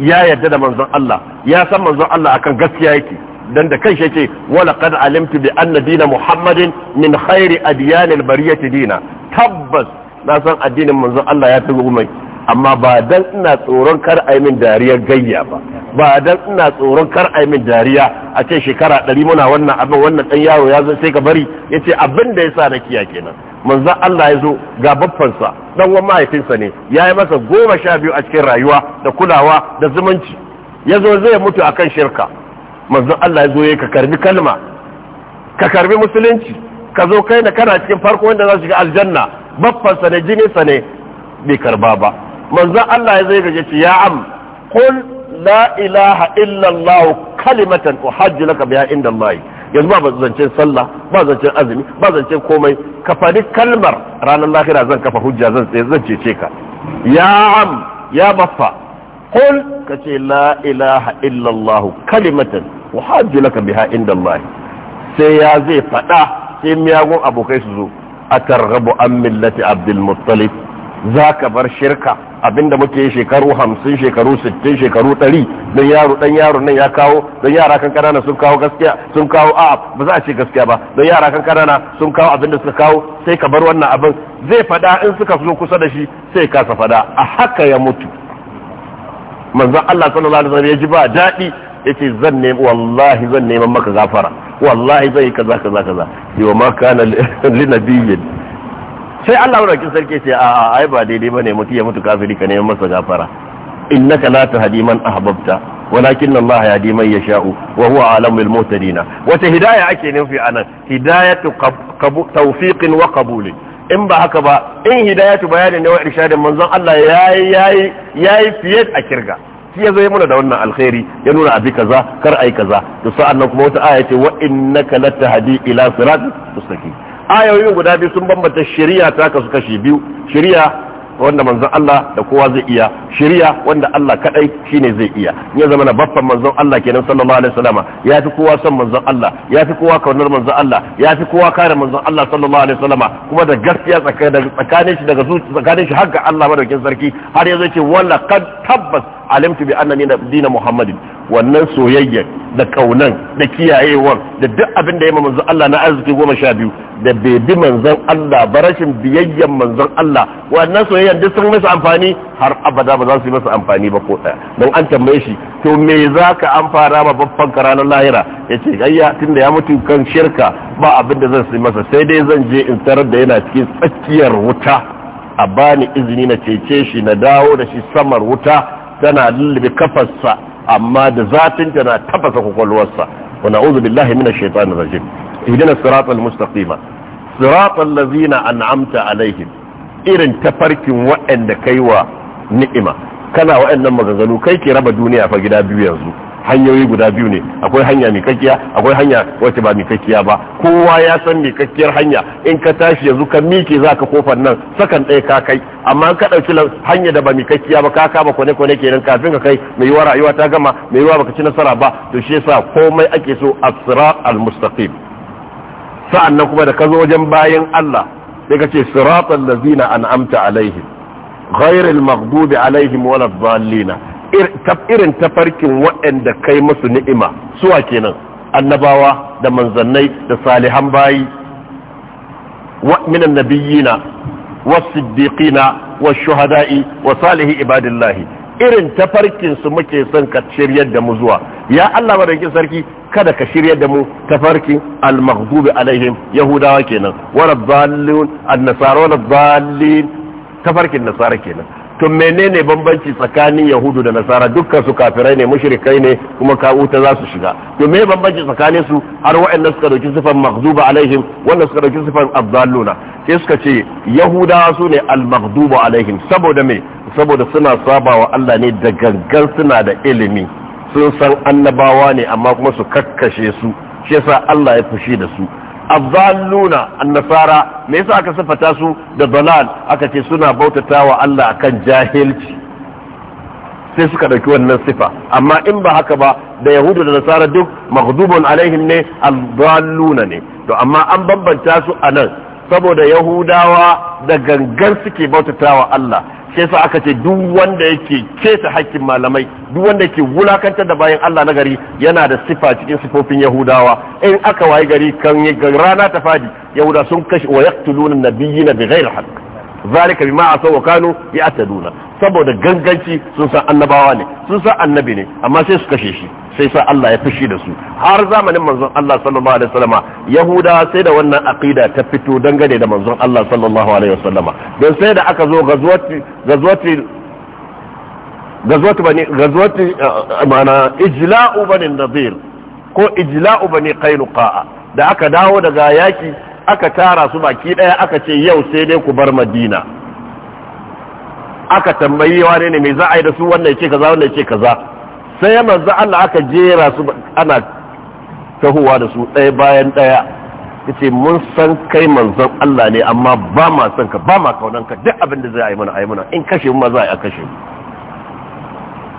ya yarda da manzon Allah ya san manzon Allah akan gaskiya yake dan da kanshi yake wala qad alimtu bi anna dina muhammadin min khairi adyan al bariyati dina tabbas na san addinin manzon Allah ya fi mai amma ba dan ina tsoron kar a min dariya gayya ba ba dan ina tsoron kar a min dariya a ce shekara ɗari muna wannan abin wannan ɗan yaro ya zo sai ka bari yace abin da yasa na kiya kenan manzan Allah ya zo ga baffansa dan wani mahaifinsa ne ya yi masa goma sha biyu a cikin rayuwa da kulawa da zumunci ya zo zai mutu a kan shirka manzan Allah ya zo ya ka karbi kalma ka karbi musulunci ka zo kai na kana cikin farko wanda za su shiga aljanna babbansa ne jininsa ne bai karba ba manzan Allah ya zo ya gaje ya am qul la ilaha illallah kalimatan uhajju laka biha inda allah yanzu ba zancen sallah ba zancen azumi ba zancen komai ka faɗi kalmar ranar lahira zan kafa hujja zan tsaye cece ka ya am ya baffa kul ka ce la ilaha illallah kalimatan wa hajju laka biha inda Allah sai ya zai faɗa sai miyagun abokai su zo a targhabu an millati abdul muttalib za ka bar shirka abinda muke shekaru hamsin shekaru sittin shekaru ɗari don yaro ɗan yaro nan ya kawo don yara kan kanana sun kawo gaskiya sun kawo a'a ba za a ce gaskiya ba don yara kan kanana sun kawo abinda suka kawo sai ka bar wannan abin zai fada in suka zo kusa da shi sai kasa fada a haka ya mutu manzon Allah sallallahu alaihi wasallam ya ji ba daɗi yace zan nemi wallahi zan neman maka gafara wallahi zai kaza kaza kaza yau ma kana linabiyyin sai Allah wadda sarki ce a ai ba daidai bane mutu ya mutu kafiri ka neman masa gafara innaka la tahdi man ahbabta walakin Allah yahdi man yasha'u wa huwa alamul muhtadin wata hidaya ake nufi anan hidayatu tawfiqin wa in ba haka ba in hidayatu bayani ne wa irshadin manzon Allah yayi yayi yayi fiye a kirga shi ya zai muna da wannan alkhairi ya nuna abi kaza kar ai kaza to sa'an nan kuma wata aya ce wa innaka latahdi ila siratal mustaqim ayoyin guda biyu sun bambanta shari'a ta kasu kashi biyu shari'a wanda manzon Allah da kowa zai iya shari'a wanda Allah kadai shine zai iya ya zama na baffan manzon Allah kenan sallallahu alaihi wasallama ya fi kowa son manzon Allah ya fi kowa kaunar manzon Allah ya fi kowa kare manzon Allah sallallahu alaihi wasallama kuma da gaskiya tsakanin shi daga tsakanin shi har Allah madaukin sarki har ya zai ce wala qad tabbas alimtu bi annani nabiyina muhammadin wannan soyayyar da kaunan da kiyayewar da duk abin da ya ma manzon Allah na arziki goma sha biyu da bai bi manzon Allah ba rashin biyayyen manzon Allah wannan soyayyar duk sun masa amfani har abada ba za su masa amfani ba ko ɗaya don an tambaye shi to me za ka an fara ma babban ranar lahira ya ce gayya tun da ya mutu kan shirka ba abin da zan su masa sai dai zan je in tarar da yana cikin tsakiyar wuta a bani izini na cece shi na dawo da shi samar wuta tana lullube kafarsa amma da zafin ta na tafasa kwakwalwarsa wa na'udhu billahi minash shaitanir rajim ihdina siratal mustaqima siratal ladzina an'amta alaihim irin tafarkin waɗanda kai wa ni'ima kana waɗannan maganganu kai ke raba duniya fa gida biyu yanzu hanyoyi guda biyu ne akwai hanya mikakkiya akwai hanya wacce ba mikakkiya ba kowa ya san mikakkiyar hanya in ka tashi yanzu ka miƙe za ka kofar nan sakan ɗaya ka kai amma ka ɗauki hanya da ba mikakkiya ba ka kama kone kone kenan kafin ka kai mai yiwa rayuwa ta gama mai yiwa baka ci nasara ba to shi yasa komai ake so as-sirat sa'an nan kuma da ka zo wajen bayan Allah sai ka ce siratal ladzina an'amta alaihim ghairil maghdubi alaihim walad irin tafarkin waɗanda kai musu ni'ima suwa kenan annabawa da manzannai da salihan bayi minan nabiyina wa washuhada'i wa wa salihi ibadillahi irin tafarkin su muke son ka shiryar da mu zuwa ya Allah madaukin sarki kada ka shiryar da mu tafarkin al-maghdubi alaihim yahudawa kenan wala dhallun an-nasara wala dhallin tafarkin nasara kenan to menene bambanci tsakanin yahudu da nasara dukkan su kafirai ne mushrikai ne kuma kawuta za su shiga to me bambanci tsakanin su har waɗanda suka dauki sifan maghduba alaihim wanda suka dauki sifan abdalluna sai suka ce yahudawa su ne al-maghduba alaihim saboda me saboda suna sabawa Allah ne da gangan suna da ilimi sun san annabawa ne amma kuma su kakkashe su shi yasa Allah ya fushi da su adhalluna nasara me yasa aka sifata su da dalal aka ce suna bautata wa Allah akan jahilci sai suka ɗauki wannan sifa amma in ba haka ba da yahudu da nasara duk maghdubun alaihin ne adhalluna ne to amma an bambanta su a nan. saboda yahudawa da gangan suke bautatawa Allah sai sa aka ce duk wanda yake keta hakkin malamai duk wanda yake wulakantar da bayan Allah na gari yana da sifa cikin sifofin yahudawa in aka wayi gari kan rana ta fadi yahuda sun kashe wa yaqtuluna nabiyina bighayri haqq zalika bima asaw wa kanu ya'taduna saboda ganganci sun san annabawa ne sun san annabi ne amma sai su kashe shi sai sa Allah ya fushi da su har zamanin manzon Allah sallallahu alaihi wasallama yahuda sai da wannan aqida ta fito dangane da manzon Allah sallallahu alaihi wasallama don sai da aka zo gazwati gazwati gazwati bani gazwati eh, mana ijla'u bani nadir ko ijla'u bani qainuqa da aka dawo daga yaki aka tara su baki daya aka ce yau sai dai ku bar madina aka tambayi wane ne mai za a yi da su wannan ce kaza wannan ce kaza sai manzo Allah aka jera su ana tahowa da su ɗaya bayan ɗaya yace mun san kai manzon Allah ne amma ba ma san ka ba ma kaunan ka duk abin da zai yi mana ayi in kashe mu ma za a kashe mu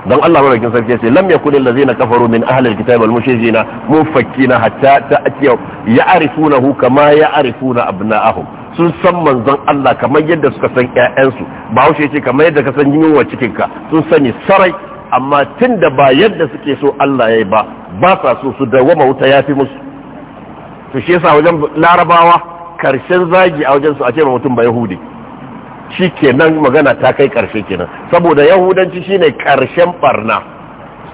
Don Allah madaukin sarki yace lam yakul allazina kafaru min ahli alkitabi wal mushrikina mufakkina hatta ta'tiya ya'rifunahu kama ya'rifuna abna'ahum sun san manzon Allah kamar yadda suka san ƴaƴansu ba haushe ce kamar yadda ka san yunwa cikin ka sun sani sarai amma tunda ba yadda suke so Allah yayi ba ba sa so su dawama wuta yafi musu to shi yasa wajen larabawa karshen zagi a wajen su a ce mutum ba yahudi shi kenan magana ta kai karshe kenan saboda yahudanci shine karshen barna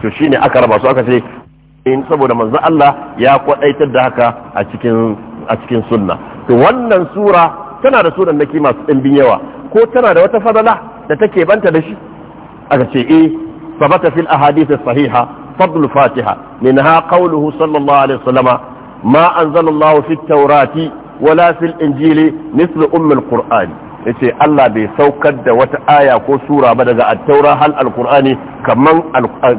to shine aka raba su aka ce in saboda manzo Allah ya kwadaitar da haka a cikin a cikin sunna to wannan sura tana da sunan naki masu dimbin yawa ko tana da wata fadala da take banta da shi aka ce eh sabata fil ahadith sahiha fadl fatiha minha qawluhu sallallahu alaihi wasallama ma anzalallahu fit tawrati wala fil injili مثل أم القرآن yace Allah bai saukar da wata aya ko sura ba daga at-taura hal al-qur'ani kaman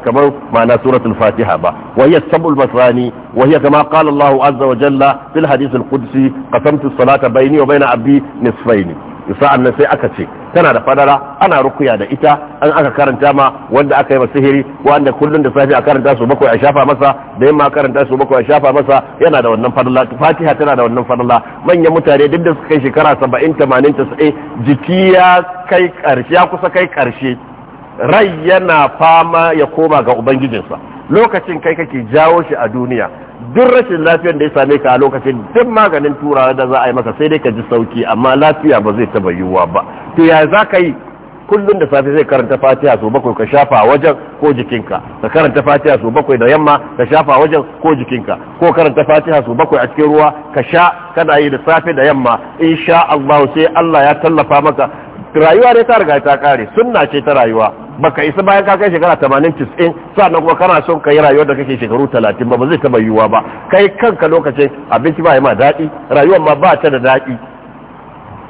kaman ma'ana suratul fatiha ba wa hiya sabul masrani wa hiya kama qala Allah azza wa jalla fil hadith al-qudsi qasamtu as-salata bayni wa bayna abdi nisfaini sa'an nan sai aka ce tana da fadara ana rukuya da ita an aka karanta ma wanda aka yi sihiri wanda kullum da safe a karanta su bakwai a shafa masa da yamma a karanta su bakwai a shafa masa yana da wannan fadala fatiha tana da wannan fadala manyan mutane duk da suka kai shekara saba'in tamanin tasa'in jiki ya kai karshe ya kusa kai karshe rai yana fama ya koma ga ubangijinsa lokacin kai kake jawo shi a duniya duk rashin lafiyar da ya same ka a lokacin duk maganin turawa da za a yi maka sai dai ka ji sauki amma lafiya ba zai taba yiwuwa ba to ya za ka yi kullum da safe zai karanta fatiha sau bakwai ka shafa wajen ko jikinka ka karanta fatiha sau bakwai da yamma ka shafa wajen ko jikinka ko karanta fatiha sau bakwai a cikin ruwa ka sha kana yi da safe da yamma insha Allah sai Allah ya tallafa maka rayuwa ne ta riga ta kare sunna ce ta rayuwa baka isa bayan ka kai shekara 80 sannan kuma kana son kai rayuwar da kake shekaru 30 ba ba zai taba yiwuwa ba kai kanka lokacin abinci ba ya ma daɗi rayuwar ma ba ta da daɗi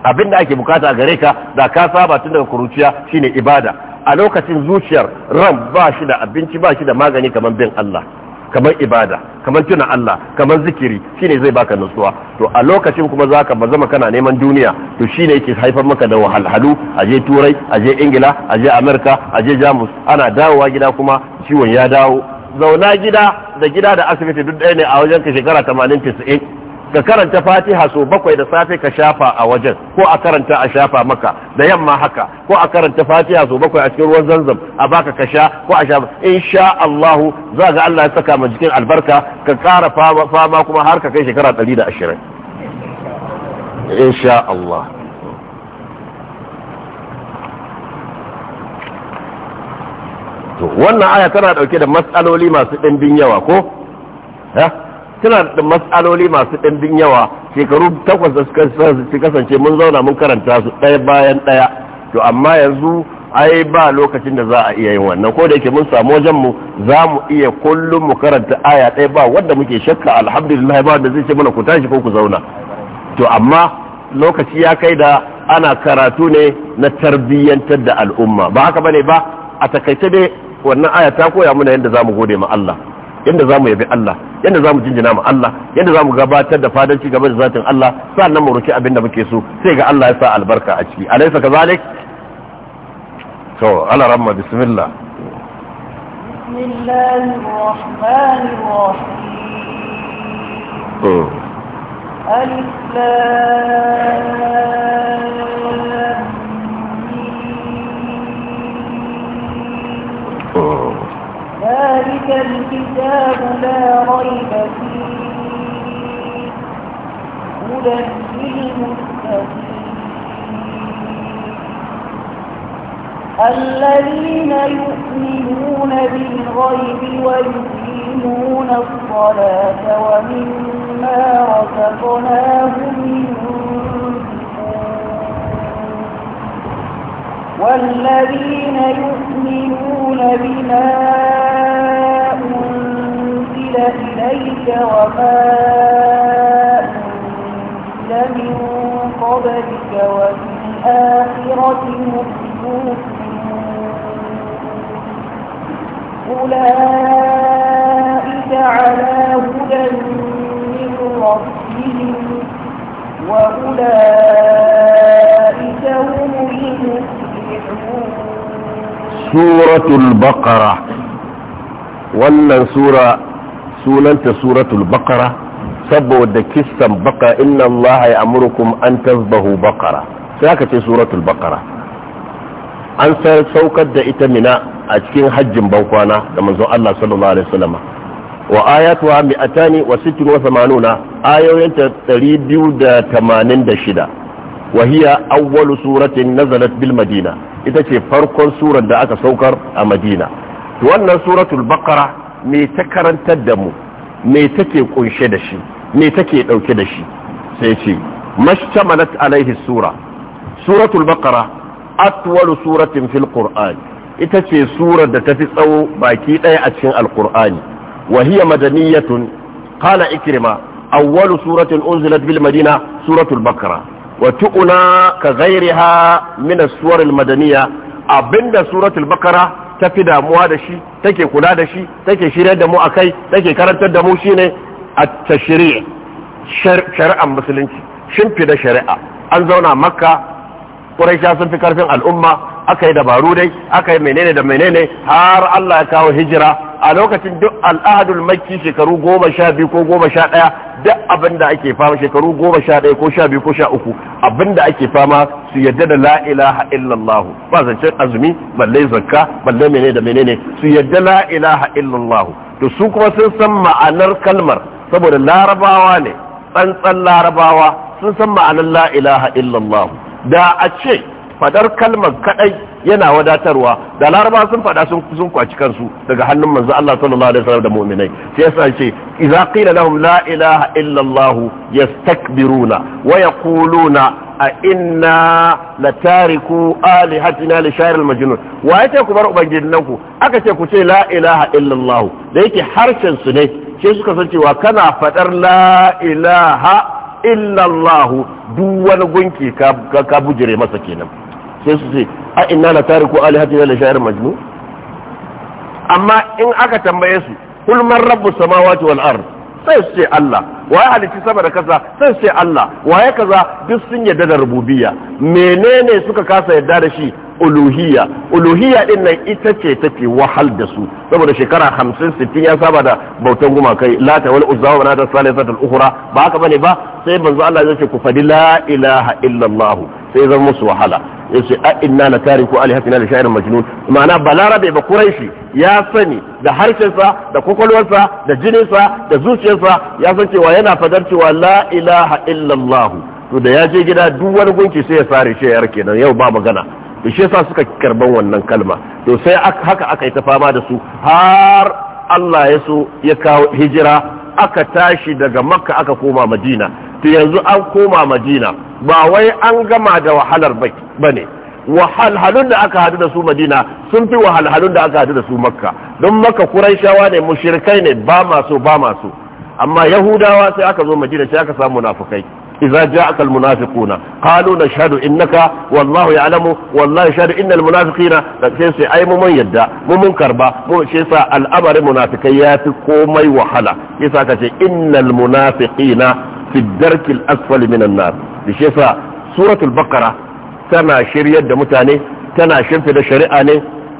abinda ake bukata a gare ka da ka saba tun daga kuruciya shine ibada a lokacin zuciyar ran ba shi da abinci ba shi da magani kamar bin Allah kamar ibada kamar tuna Allah kamar zikiri shine zai baka nutsuwa to a lokacin kuma zaka bazama kana neman duniya to shine yake haifar maka da wahalhalu a je turai a je ingila a je america a je jamus ana dawowa gida kuma ciwon ya dawo zauna gida da gida da asibiti duk ɗaya ne a wajen ka shekara 80 90 ka karanta fatiha so bakwai da safe ka shafa a wajen ko a karanta a shafa maka da yamma haka ko a karanta fatiha so bakwai a cikin ruwan zanzam a baka ka sha ko a shafa insha Allah za ga Allah ya saka min jikin albarka ka kara fama kuma har ka kai shekara 120 insha Allah to wannan aya tana dauke da matsaloli masu ɗimbin yawa ko ha tana da matsaloli masu ɗimbin yawa shekaru takwas da suka kasance mun zauna mun karanta su ɗaya bayan ɗaya to amma yanzu ai ba lokacin da za a iya yin wannan ko da yake mun samu wajen mu za mu iya kullum mu karanta aya ɗaya ba wanda muke shakka alhamdulillah ba da zai ce mana ku tashi ko ku zauna to amma lokaci ya kai da ana karatu ne na tarbiyyantar da al'umma ba haka bane ba a takaice dai wannan aya ta koya mana yadda za mu gode ma Allah yadda za mu yabi Allah yadda za mu jinjina ma Allah yadda za mu gabatar da fadanci gaba da zatin Allah sannan mu roki abinda da muke so sai ga Allah ya sa albarka a ciki alaysa kazalik to ala ramma bismillah bismillahir rahmanir rahim hmm. alif lam ذلك الكتاب لا ريب فيه هدى للمتقين الذين يؤمنون بالغيب ويقيمون الصلاة ومما رزقناهم والذين يؤمنون بما أنزل إليك وما أنزل من قبلك الآخرة هم أولئك على هدى من ربهم وأولئك هم المفلحون سورة البقرة ولا سورة sunanta suratul baqara saboda kissan baka inna allaha ya amurkum an tasbahu baqara sai aka ce suratul baqara an sai saukar da ita mina a cikin hajjin bankwana da manzon Allah sallallahu alaihi wasallam wa ayatuha mi'atani wa sittin wa thamanuna ayoyinta 286 wa hiya awwalu suratin nazalat bil madina ita ce farkon surar da aka saukar a madina wannan suratul baqara me ta karantar da mu me take kunshe da shi me take dauke da shi sai ce mashtamalat alaihi sura suratul baqara atwalu suratin fil qur'an ita ce surar da tafi tsawo baki daya a cikin alqur'ani wa hiya madaniyatun qala ikrima awwalu suratin unzilat bil madina suratul baqara wa tu'una ka ghairiha min as-suwar al-madaniyah abinda suratul baqara ta fi damuwa da shi take kula da shi take shiryar da mu a kai take karantar da mu shine a tashiri shari'ar musulunci shimfi da shari'a an zauna makka ƙuraisha sun fi karfin al'umma aka yi dabaru dai aka yi menene da menene har Allah ya kawo hijira a lokacin duk al'adul makki shekaru goma sha biyu ko goma sha ɗaya duk abin da ake fama shekaru goma sha ɗaya ko sha biyu ko sha uku abin da ake fama su yadda da la ilaha illallah ba zancen azumi balle zakka balle menene da menene su yadda la ilaha illallah to su kuma sun san ma'anar kalmar saboda larabawa ne tsantsan larabawa sun san ma'anar la ilaha illallah da a ce fadar kalmar kadai yana wadatarwa da laraba sun fada sun sun kwaci kansu daga hannun manzo Allah sallallahu alaihi wasallam da mu'minai sai yasa ce idza qila lahum la ilaha illa Allah yastakbiruna wa yaquluna a inna latariku alihatina li sha'ir al-majnun wa yace ku bar ubangijin ku aka ce ku ce la ilaha illa Allah da yake harshen su ne sai suka san cewa kana fadar la ilaha illallahu duk wani gunki ka bujire masa kenan sai su ce a inna na tariku alihati da shayar majnu amma in aka tambaye su kul man rabbus samawati wal ard sai su ce Allah waye halitti sama da kasa sai su ce Allah waye kaza duk sun yadda da rububiyya menene suka kasa yarda da shi Uluhiya uluhiya din nan ita ce take wahal da su saboda shekara 50 60 ya saba da bautan gumakai lata wal uzza wa nata salisatul ukhra ba haka bane ba sai manzo Allah ya ce ku fadi la ilaha illallah sai zan musu wahala yace a inna la tariku alihatina li sha'ir majnun ma'ana balarabe ba quraishi ya sani da sa da kokolwarsa da jininsa da zuciyarsa ya san cewa yana fadar cewa la ilaha illallah to da ya je gida duk wani gunki sai ya sare shi ke kenan yau ba magana da shi yasa suka karban wannan kalma to sai haka aka yi ta fama da su har Allah ya so ya kawo hijira aka tashi daga makka aka koma madina to yanzu an koma madina ba wai an gama da wahalar ba ne wahalhalun da aka hadu da su madina sun fi wahalhalun da aka hadu da su makka don makka kuraishawa ne mushrikai ne ba masu ba masu amma yahudawa sai aka zo madina sai aka samu munafukai إذا جاءك المنافقون قالوا نشهد إنك والله يعلم والله يشهد إن المنافقين شيء أي ممن يدى ممن كربا شيء الأمر منافقيات قومي وحلا شيء إن المنافقين في الدرك الأسفل من النار شيء سورة البقرة تنا شريد متاني تنا شرف شريعة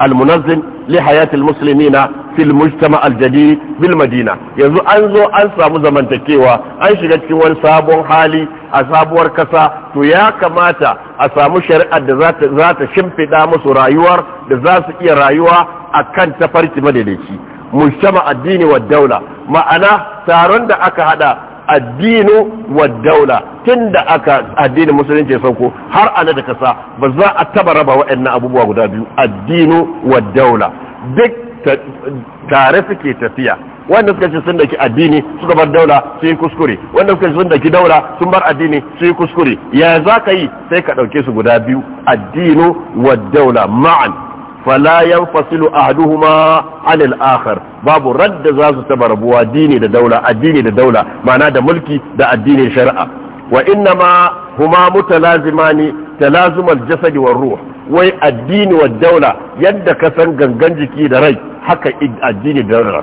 المنظم لحياة المسلمين في المجتمع الجديد بالمدينة يزو أنزو أنسى مزمن تكيوة أنشغة كيوان سابون حالي أسابور كسا تيا كماتا أسامو شرعة ذات, ذات شمف دامس رايوار ذات إيا رايوة أكان تفريت مدلشي مجتمع الدين والدولة ma'ana taron da aka hada addinu wa daula tun da aka addinin musulunci ya sauko har ana da kasa ba za a taba raba waɗannan abubuwa guda biyu addinu wa daula duk tare suke tafiya wanda suka ce sun daki addini suka bar daula sun yi kuskure wanda suka ce sun daki daula sun bar addini sun yi kuskure ya za ka yi sai ka ɗauke su guda biyu addinu wa daula ma'an fala yanfasilu ahaduhuma anil akhar babu radda za su taba rabuwa dini da daula addini da daula ma'ana da mulki da addinin shari'a wa innama huma mutalazimani talazumal jasadi war ruwa wai addini daula yadda ka san gangan jiki da rai haka addini da daula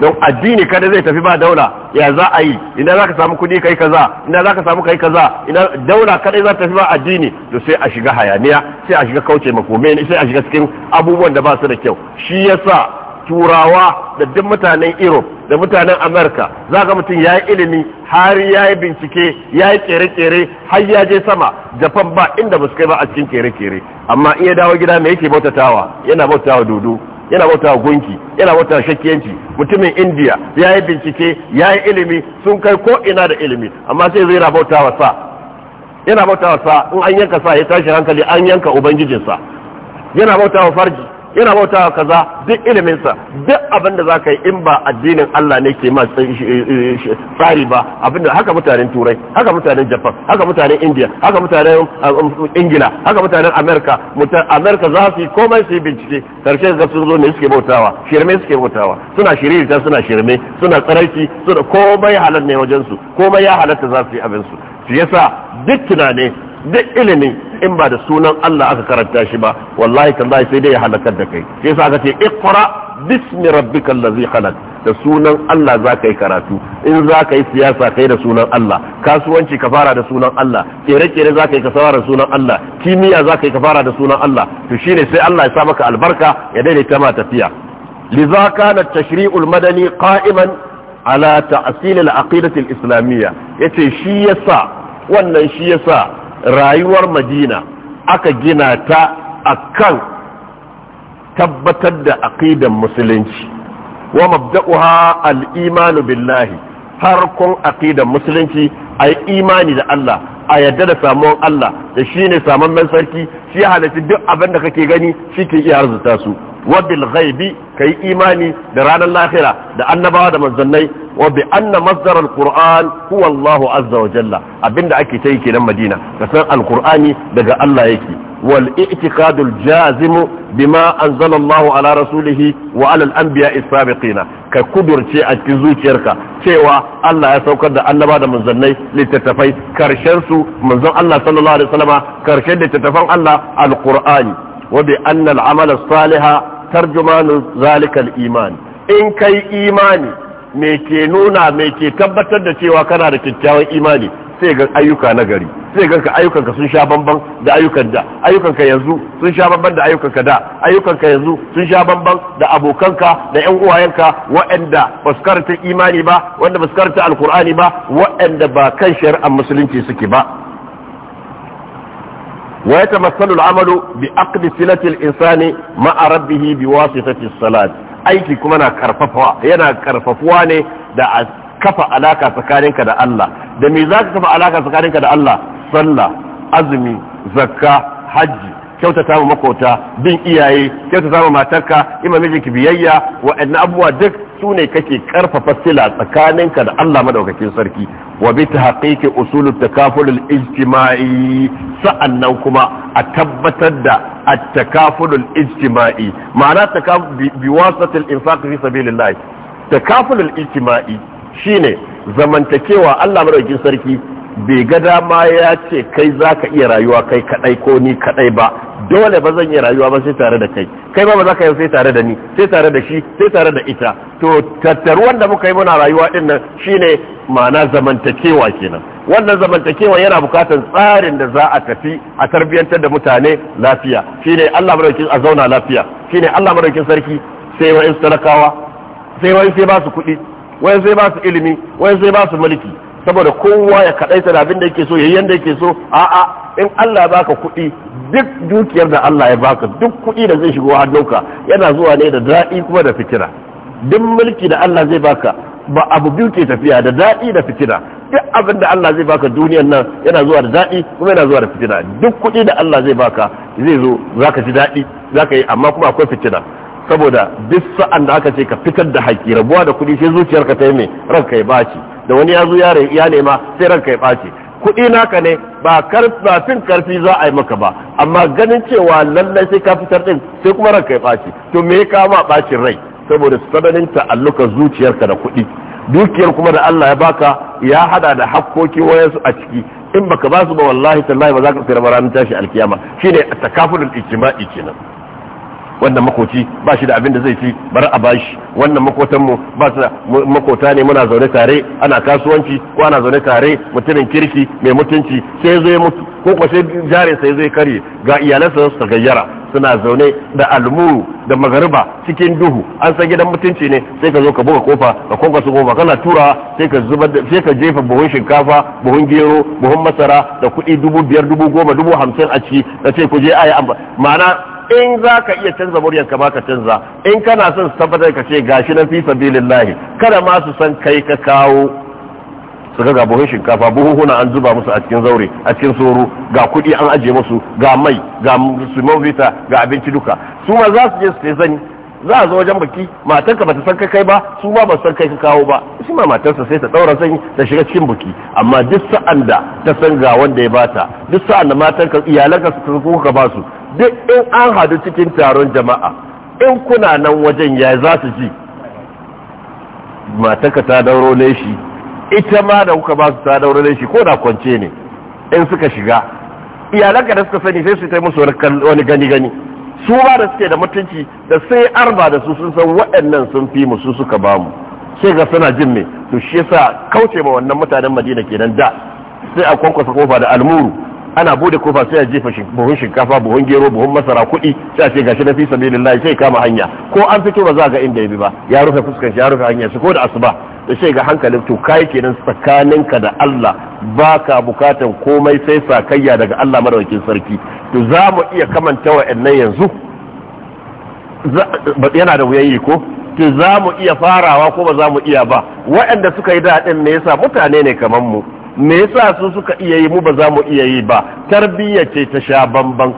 don addini kada zai tafi ba daula ya za a yi ina za ka samu kuɗi kai kaza ina za ka samu kai kaza ina daula kadai za tafi ba addini to sai a shiga hayaniya sai a shiga kauce makome sai a shiga cikin abubuwan da ba su da kyau shi yasa turawa da duk mutanen europe da mutanen amerika za ga mutum ya yi ilimi har ya yi bincike ya yi kere-kere har ya je sama japan ba inda ba su kai ba a cikin kere-kere amma in ya dawo gida me yake bautatawa yana bautatawa dodo yana wata gunki yana wata shakkiyanci mutumin indiya ya yi bincike ya yi ilimi sun kai ko ina da ilimi amma sai zai yana bauta wa sa yana bauta wa sa in an yanka sa ya tashi hankali an yanka ubangijinsa yana bauta wa farji yana bautawa kaza duk ilimin sa duk abin da zaka yi in ba addinin Allah ne ke ma tsari ba abin da haka mutanen turai haka mutanen japan haka mutanen india haka mutanen um, um, ingila haka mutanen america america za su yi komai su yi bincike karshe ga sun zo ne suke bautawa shirme suke bautawa suna shirye-shirye ta suna shirme suna tsaraki suna komai halal ne wajen su komai ya halatta za su yi abin su yasa duk tunane duk ilimin in ba da sunan Allah aka karanta shi ba wallahi tallahi sai dai ya halakar da kai sai yasa aka ce iqra bismi rabbikal ladzi khalaq da sunan Allah za ka yi karatu in za ka yi siyasa kai da sunan Allah kasuwanci ka fara da sunan Allah kere-kere za ka yi ka da sunan Allah kimiyya za ka yi ka fara da sunan Allah to shine sai Allah ya sa maka albarka ya daidaita ma tafiya لذا كان التشريع المدني قائما على تأصيل العقيدة الإسلامية يتي شي يسا wannan shi rayuwar madina aka gina ta a kan tabbatar da aqidan musulunci wa mabda'uha al-imanu billahi kun aqidan musulunci a imani da Allah a yadda da samuwan Allah da shi shine saman sarki shi halatta duk abin da kake gani shi ke iya arzuta su wa bil ghaibi kai imani da ranar lahira da annabawa da manzannai wa bi anna masdar alquran huwa Allah azza wa jalla abinda ake ta yi kenan Madina ka san alqurani daga Allah yake wal i'tiqad al jazim bima anzala Allah ala rasulih wa ala al anbiya as ka kudurce a cikin zuciyarka cewa Allah ya saukar da annaba da manzannai littattafai karshen su manzon Allah sallallahu alaihi wasallama karshen littattafan Allah alqurani wa bi anna al amala salihah tarjumanu zalikal iman in kai imani me ke nuna me ke tabbatar da cewa kana da kyakkyawan imani sai ga ayyuka na gari sai ga ayyukan ka sun sha bamban da ayyukan da ayyukan ka yanzu sun sha bamban da ayyukan ka da ayyukan ka yanzu sun sha bamban da abokanka da yan ka waɗanda ba su karanta imani ba wanda ba su karanta alkur'ani ba waɗanda ba kan shari'ar musulunci suke ba ويتمثل العمل بعقد صلة الإنسان مع ربه بواسطة الصلاة aiki kuma na karfafawa yana karfafuwa ne da a kafa alaka tsakaninka da Allah da me za ka kafa alaka tsakaninka da Allah sallah azumi zakka hajji kyautata ma makota bin iyaye kyautata ma matarka ima mijinki biyayya wa'annan abuwa duk su ne kake karfafa sila tsakaninka da Allah madaukakin sarki wa bi tahqiqi usul takaful ijtimai sa'annan kuma a tabbatar da at-takaful ijtimai ma'ana takaf bi wasatil infaq fi sabilillah takaful ijtimai shine zamantakewa Allah madaukakin sarki bai ga dama ya ce kai za ka iya rayuwa kai kadai ko ni kadai ba dole ba zan iya rayuwa ba sai tare da kai kai ba ba za ka yi sai tare da ni sai tare da shi sai tare da ita to tattaruwan wanda muka yi muna rayuwa din shine ma'ana zamantakewa kenan wannan zamantakewa yana bukatar tsarin da za a tafi a tarbiyyantar da mutane lafiya shine Allah madaukakin a zauna lafiya shine Allah madaukakin sarki sai wa'in talakawa sai wa'in sai ba su kuɗi wa'in sai ba su ilimi wa'in sai ba su mulki saboda kowa ya kaɗai da abin da yake so yi yanda yake so a'a in Allah ya baka kuɗi duk dukiyar da Allah ya baka duk kuɗi da zai shigo hannunka yana zuwa ne da daɗi kuma da fitina duk mulki da Allah zai baka ba abu biyu ke tafiya da daɗi da fitina duk abin da Allah zai baka duniyar nan yana zuwa da daɗi kuma yana zuwa da fitina duk kuɗi da Allah zai baka zai zo zaka ji daɗi zaka yi amma kuma akwai fitina saboda duk sa'an da aka ce ka fitar da haƙƙi rabuwa da kuɗi sai zuciyarka ta yi mai ranka ya baci da wani ya zo ya nema sai ranka ya ɓace kuɗi naka ne ba fin karfi za a yi maka ba amma ganin cewa lallai sai ka fitar ɗin sai kuma ranka ya ɓace to me ya ma ɓacin rai saboda sananin ta'alluka zuciyarka da kuɗi dukiyar kuma da Allah ya baka ya hada da hakkoki wayansu a ciki in baka ba su ba wallahi tallahi ba za ka tsira ranar tashi alkiyama shine takafurul ijtima'i kenan wannan makoci ba shi da abin da zai ci bar a bashi wannan makotan mu ba su makota ne muna zaune tare ana kasuwanci ko ana zaune tare mutumin kirki mai mutunci sai ya mutu ko kuma sai jarin sai zai kare ga iyalansa su gayyara suna zaune da almuru da magariba cikin duhu an san gidan mutunci ne sai ka zo ka buga kofa ka kwanka su kofa kana tura sai ka zubar sai ka jefa buhun shinkafa buhun gero buhun masara da kuɗi dubu biyar dubu goma dubu hamsin a ciki na ce ku je a yi ma'ana in za ka iya canza muryan ka baka canza in kana son su tabbatar ka ce gashi nan fi sabilillahi kada ma su san kai ka kawo su ga buhun shinkafa buhuhuna an zuba musu a cikin zaure a cikin soro ga kuɗi an aje musu ga mai ga simon vita ga abinci duka su ma za su je su zani za a zo wajen baki ba bata san kai ba su ba ba san kai ka kawo ba shi ma matarsa sai ta daura sanyi ta shiga cikin buki. amma duk sa'an da ta san ga wanda ya bata duk sa'an da matarka iyalanka su kuka ba su duk in an hadu cikin taron jama'a in kuna nan wajen ya za su ji mataka ta dauro ne shi ita ma da kuka ba su ta dauro ne shi ko da kwance ne in suka shiga iyalanka da suka sani sai su ta musu wani gani-gani su ba da suke da mutunci da sai arba da su sun san waɗannan sun fi mu su suka ba mu sai ga suna jin me to shi yasa kauce ma wannan mutanen Madina kenan da sai a kwankwasa kofa da almuru ana bude kofa sai a jefa buhun shinkafa buhun gero buhun masara kuɗi sai a ce gashi na fi sabilillahi sai kama hanya ko an fito ba za ga inda ya bi ba ya rufe fuskan shi ya rufe hanyar shi ko da asuba da sai ga hankalin to kai kenan tsakaninka da Allah baka bukatan komai sai sakayya daga Allah madaukakin sarki to za mu iya kamanta ɗan yanzu yana da wuyayi ko to za mu iya farawa ko ba za mu iya ba waɗanda suka yi daɗin ne yasa mutane ne kamar mu me yasa su suka iya yi mu ba za mu iya yi ba tarbiyya ce ta sha bamban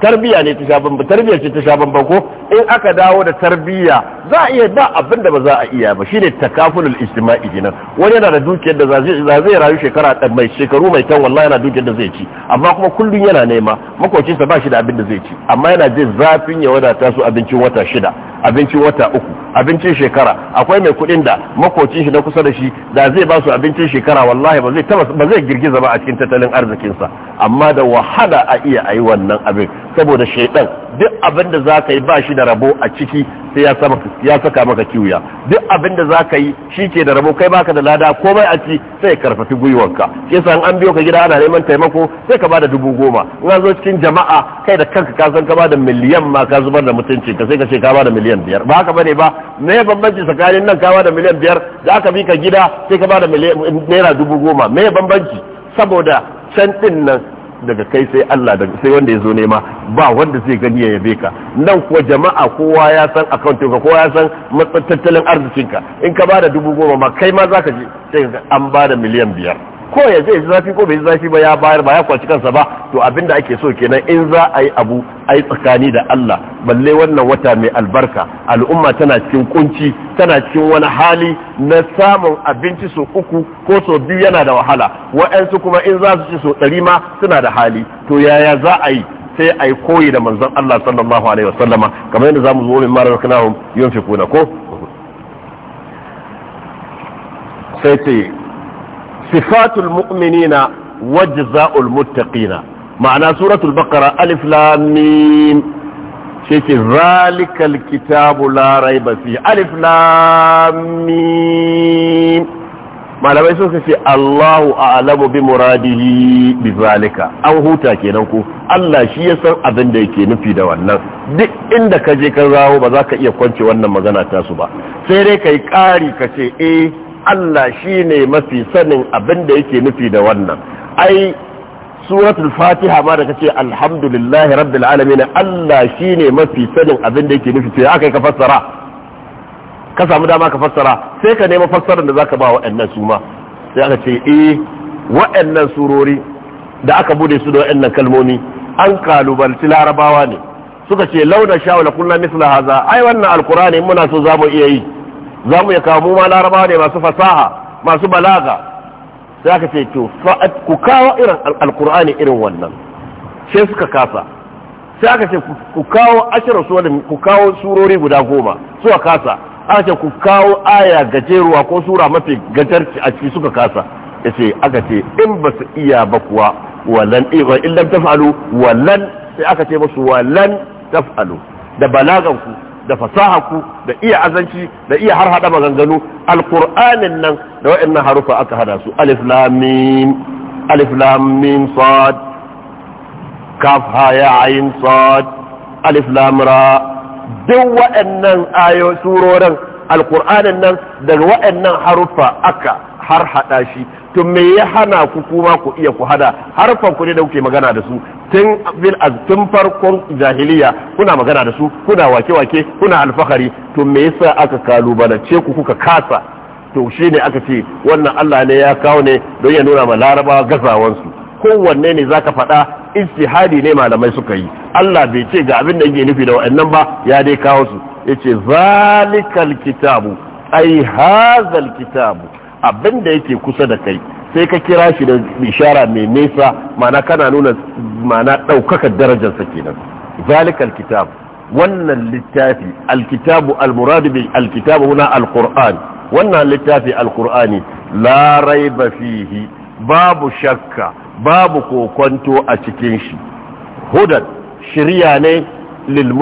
tarbiyya ne ta sha bamban tarbiyya ce ta sha bamban ko in aka dawo da tarbiyya za a iya ba abin da ba za a iya ba Shi ne takafulul ijtima'i kenan wani yana da dukiyar da za zai rayu shekara a mai shekaru mai kyan wallahi yana dukiyar da zai ci amma kuma kullum yana nema makocinsa ba shi da abin da zai ci amma yana jin zafin ya wadata su abincin wata shida abincin wata uku abincin shekara akwai mai kuɗin da makocin shi na kusa da shi da zai ba su abincin shekara wallahi ba zai ba zai girgiza ba a cikin tattalin arzikinsa amma da wahala a iya ayi wannan abin saboda shaidan duk abin da za ka yi ba shi da rabo a ciki sai ya saka maka kiwuya duk abin da za ka yi shi ke da rabo kai baka da lada komai a ci sai karfafi gwiwanka shi yasa an biyo ka gida ana neman taimako sai ka bada dubu goma in an zo cikin jama'a kai da kanka ka san ka bada miliyan ma ka zubar da mutunci ka sai ka ce ka bada miliyan biyar ba haka bane ba me bambanci tsakanin nan ka bada miliyan biyar da aka bi ka gida sai ka bada naira dubu goma me bambanci saboda can din nan daga kai sai Allah daga sai wanda ya zo nema ba wanda zai gani ya yabe ka nan kuwa jama'a kowa ya san account ka kowa ya san tattalin arzikinka in ka bada dubu goma ma kai ma zaka je sai an bada miliyan biyar ko ya zai zafi ko bai zafi ba ya bayar ba ya kwanci kansa ba to abinda ake so kenan in za a yi abu a yi tsakani da Allah balle wannan wata mai albarka al'umma tana cikin kunci tana cikin wani hali na samun abinci so uku ko so biyu yana da wahala wa'ansu kuma in za su ci so ɗari ma suna da hali to yaya za a yi sai a yi koyi da manzon Allah sallallahu alaihi wasallama kamar yadda zamu zo min marar kanahum yunfikuna ko sai ce sifatul mu'minina wajza'ul muttaqina ma'ana suratul baqara alif lam mim sheke zalikal kitabu la raiba alif lam malamai sun ce Allahu a'lamu bi muradihi bi zalika an huta kenan ko Allah shi ya san abin da yake nufi da wannan duk inda ka je ka zawo ba za ka iya kwance wannan magana tasu ba sai dai kai ƙari ka ce eh Allah shine mafi sanin abin da yake nufi da wannan ai suratul fatiha ma da kace alhamdulillahi rabbil alamin Allah ne mafi sanin abin da yake nufi to aka ka fassara ka samu dama ka fassara sai ka nemi fassarar da zaka ba waɗannan su ma sai aka ce eh waɗannan surori da aka bude su da waɗannan kalmomi an kalubalci larabawa ne suka ce launa sha'ula kullu misla haza ai wannan alqur'ani muna so zamu iya yi za mu ya kawo ma laraba ne masu fasaha masu balaga sai aka ce to ku kawo irin alkur'ani irin wannan sai suka kasa sai aka ce ku kawo ashirin su ku kawo surori guda goma suka kasa aka ce ku kawo aya gajeruwa ko sura mafi gajarci a ciki suka kasa ya ce aka ce in ba su iya ba kuwa wallan eh, in lam taf'alu wallan sai aka ce musu wallan taf'alu da balagan ku da fasaha ku da iya azanci da iya har hada maganganu alqur'anin nan da wayannan harufa aka hada su alif lam mim alif lam mim sad kaf ha ya ayn sad alif lam ra duk wayannan ayo surorin alqur'anin nan daga wayannan harufa aka har hada shi to me ya hana ku kuma ku iya ku hada harfan ku ne da kuke magana da su tun bil tun farkon jahiliya kuna magana da su kuna wake wake kuna alfahari to me yasa aka kalubalance ku kuka kasa to shine aka ce wannan Allah ne ya kawo ne don ya nuna ma larabawa gasawansu kowanne ne zaka faɗa ijtihadi ne malamai suka yi Allah bai ce ga abin da yake nufi da wa'annan ba ya dai kawo su yace zalikal kitabu ai hazal kitabu abin da yake kusa da kai sai ka kira shi da bishara mai nesa mana kana nuna mana ɗaukaka darajarsa kenan zalikal kitab wannan littafi alkitabu almuradu bil alkitabu huna alquran wannan littafi alqurani la raiba fihi babu shakka babu kokonto a cikin shi hudan shirya ne lil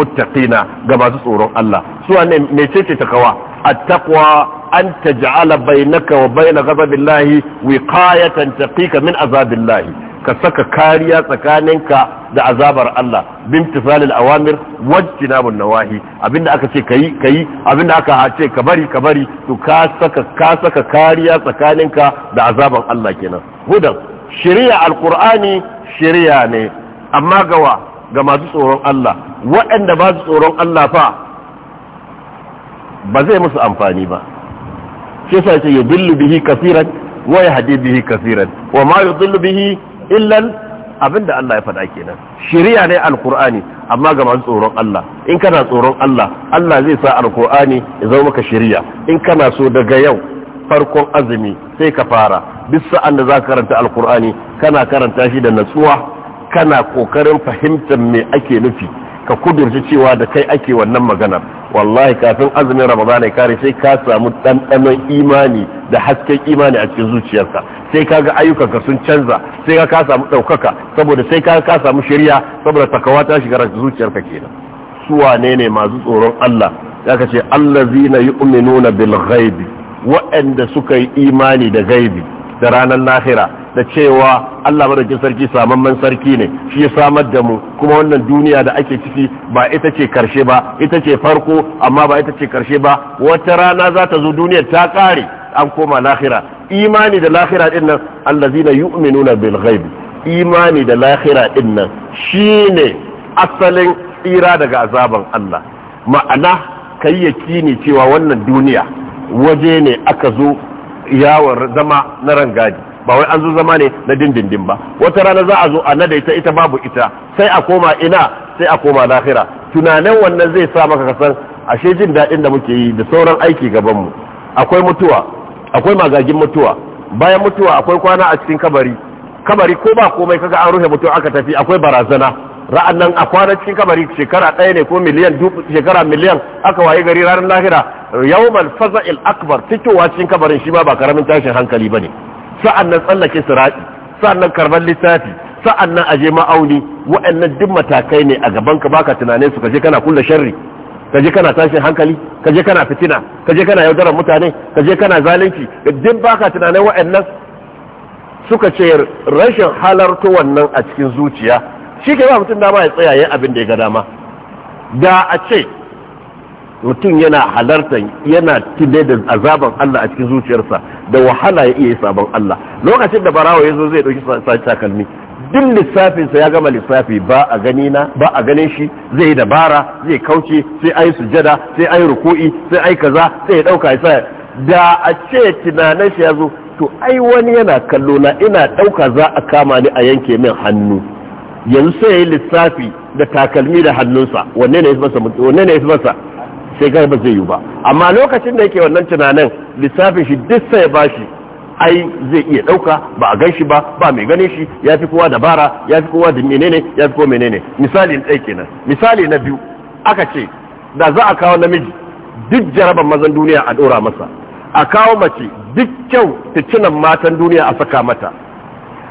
ga masu tsoron Allah su ne ce takawa at-taqwa an taj'ala bainaka wa baina ghadabillahi wiqayatan taqika min azabillahi ka saka kariya tsakaninka da azabar Allah bin tisalil awamir wajtinabun nawahi abinda aka ce kayi kayi abinda aka ce ka bari ka bari to ka saka ka saka kariya tsakaninka da azaban Allah kenan hudan shari'a alqur'ani shari'a ne amma gawa ga masu tsoron Allah waɗanda ba su tsoron Allah fa ba zai musu amfani ba shi ce ya yudillu bihi kaseeran wa hadi bihi kaseeran wa ma yudillu bihi illa abinda Allah ya faɗa kenan shari'a ne alqur'ani amma ga masu tsoron Allah in kana tsoron Allah Allah zai sa alqur'ani ya zama maka shari'a in kana so daga yau farkon azumi sai ka fara duk sa'an da za ka karanta alqur'ani kana karanta shi da natsuwa kana kokarin fahimtar me ake nufi ka kudurci cewa da kai ake wannan maganar wallahi kafin azumin ramadana ya kare sai ka samu ɗanɗanon imani da hasken imani a cikin zuciyarka sai ka ga ayyukanka sun canza sai ka samu ɗaukaka saboda sai ka ka samu shirya saboda takawa ta shiga zuciyarka kenan su wane ne masu tsoron Allah ya ka ce allazina yu'minuna bil ghaibi waɗanda suka yi imani da gaibi da ranar lahira da cewa Allah madaukin sarki samamman sarki ne shi ya samar da mu kuma wannan duniya da ake ciki ba ita ce karshe ba ita ce farko amma ba ita ce karshe ba wata rana za ta zo duniyar ta kare an koma lahira imani da lahira din nan allazina yu'minuna bil ghaib imani da lahira din nan shine asalin tsira daga azaban Allah ma'ana kai yakini cewa wannan duniya waje ne aka zo yawon zama na rangadi ba wai an zo zama ne na dindindin ba wata rana za a zo a nada ita ita babu ita sai a koma ina sai a koma lahira tunanin wannan zai sa maka kasan ashe jin daɗin da muke yi da sauran aiki gaban mu akwai mutuwa akwai magagin mutuwa bayan mutuwa akwai kwana a cikin kabari kabari ko ba komai kaga an rufe mutuwa aka tafi akwai barazana ra'an nan a kwana cikin kabari shekara ɗaya ne ko miliyan shekara miliyan aka waye gari ranar lahira yawmal faza'il akbar fitowa cikin kabarin shi ma ba karamin tashin hankali bane sa'annan tsallake sirati sa'annan karban littafi sa'annan aje ma'auni wa'annan duk matakai ne a gaban ka baka tunanin su kaje kana kula sharri kaje kana tashin hankali kaje kana fitina kaje kana yaudarar mutane kaje kana zalunci duk baka tunanin wa'annan suka ce rashin halarta wannan a cikin zuciya shi ke ba mutum dama ya tsaya abin da ya ga dama da a ce mutum yana halartar yana tibe da azaban Allah a cikin zuciyarsa da wahala ya iya sabon Allah lokacin da barawa ya zo zai ɗauki takalmi duk lissafinsa ya gama lissafi ba a gani na ba a ganin shi zai yi dabara zai kauce sai ai sujada sai ai ruku'i sai ai kaza sai ya ɗauka sai da a ce tunanin shi ya zo to ai wani yana kallo na ina ɗauka za a kama ni a yanke min hannu yanzu sai ya yi lissafi da takalmi da hannunsa wanne ne ya masa wanne ne ya masa sai gar ba zai yi ba amma lokacin da yake wannan tunanin lissafin shi duk sai bashi ai zai iya dauka ba a gan shi ba ba mai gane shi ya fi kowa dabara ya fi kowa da menene ya fi kowa menene misali na kenan misali na biyu aka ce da za a kawo namiji duk jaraban mazan duniya a ɗora masa a kawo mace duk kyau ticinan matan duniya a saka mata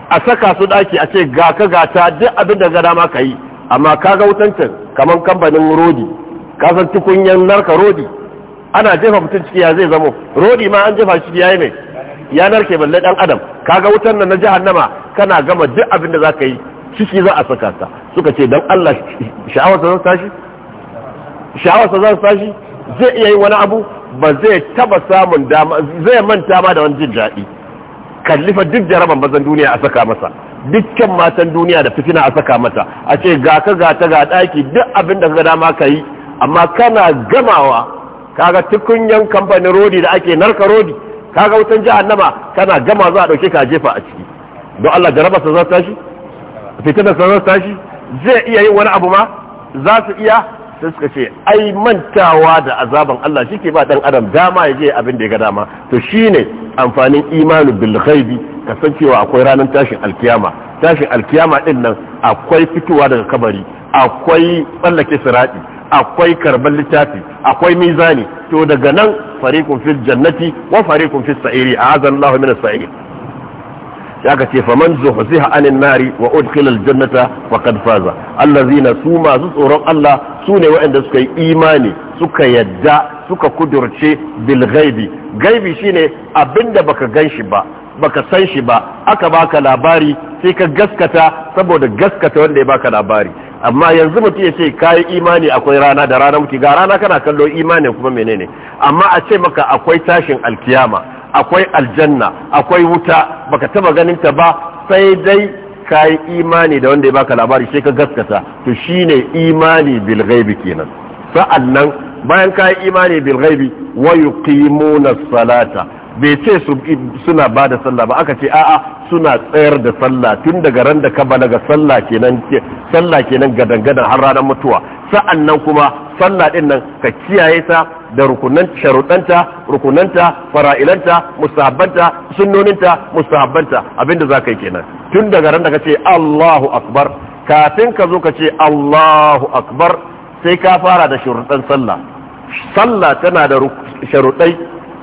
a saka su daki a ce ga ka gata duk abin da gada dama ka yi amma ka ga can kamar kamfanin rodi kasan tukunyan narka rodi ana jefa mutum ciki ya zai zamo rodi ma an jefa shi yayi mai ya narke balle dan adam kaga wutan nan na jahannama kana gama duk abin da zaka yi ciki za a saka ta suka ce dan Allah sha'awarsa za tashi sha'awarsa za tashi zai iya yin wani abu ba zai taba samun dama zai manta ma da wani jin daɗi kallifa duk jaraban bazan duniya a saka masa dukkan matan duniya da fitina a saka mata a ce ga ka ga ta ga ɗaki duk abin da ka dama ka yi amma kana gamawa kaga tukunyan kamfanin rodi da ake narka rodi kaga wutan jihar nama kana gama za a dauke ka jefa a ciki don Allah jaraba sa za ta shi da sa za ta shi zai iya yin wani abu ma za su iya sai suka ce ai mantawa da azaban Allah shike ba ɗan adam dama ya je abin da ya ga dama to shine amfanin imanu bil ghaibi kasancewa akwai ranar tashin alkiyama tashin alkiyama din nan akwai fitowa daga kabari akwai tsallake sirati akwai karban littafi akwai mizani to daga nan fariqun fil jannati wa fariqun fis sa'iri a'azan Allahu min as sairi ya ka ce faman zuhziha anin nari wa udkhila al-jannata faqad faza allazina su masu tsoron Allah sune ne waɗanda suka yi imani suka yadda suka kudurce bil ghaibi gaibi shine abinda baka ganshi ba baka san shi ba aka baka labari sai ka gaskata saboda gaskata wanda ya baka labari amma yanzu mutum ya ce kayi imani akwai rana da rana muke ga rana kana kallo imani kuma menene amma a ce maka akwai tashin alkiyama akwai aljanna akwai wuta baka taba ganin ta ba sai dai kayi imani da wanda ya baka labari sai ka gaskata to shine imani bil ghaibi kenan sa'annan bayan kayi imani bil ghaibi wa yuqimuna salata bai ce suna ba da sallah ba aka ce a'a suna tsayar da sallah tun daga ran da ka balaga sallah kenan sallah kenan gadan har ranar mutuwa sa'an nan kuma sallah din nan ka kiyaye ta da rukunan sharuɗanta rukunanta fara'ilanta musabbanta sunnoninta musabbanta abinda za ka yi kenan tun daga ran da ka ce Allahu akbar kafin ka zo ka ce Allahu akbar sai ka fara da sharuɗan sallah sallah tana da sharuɗai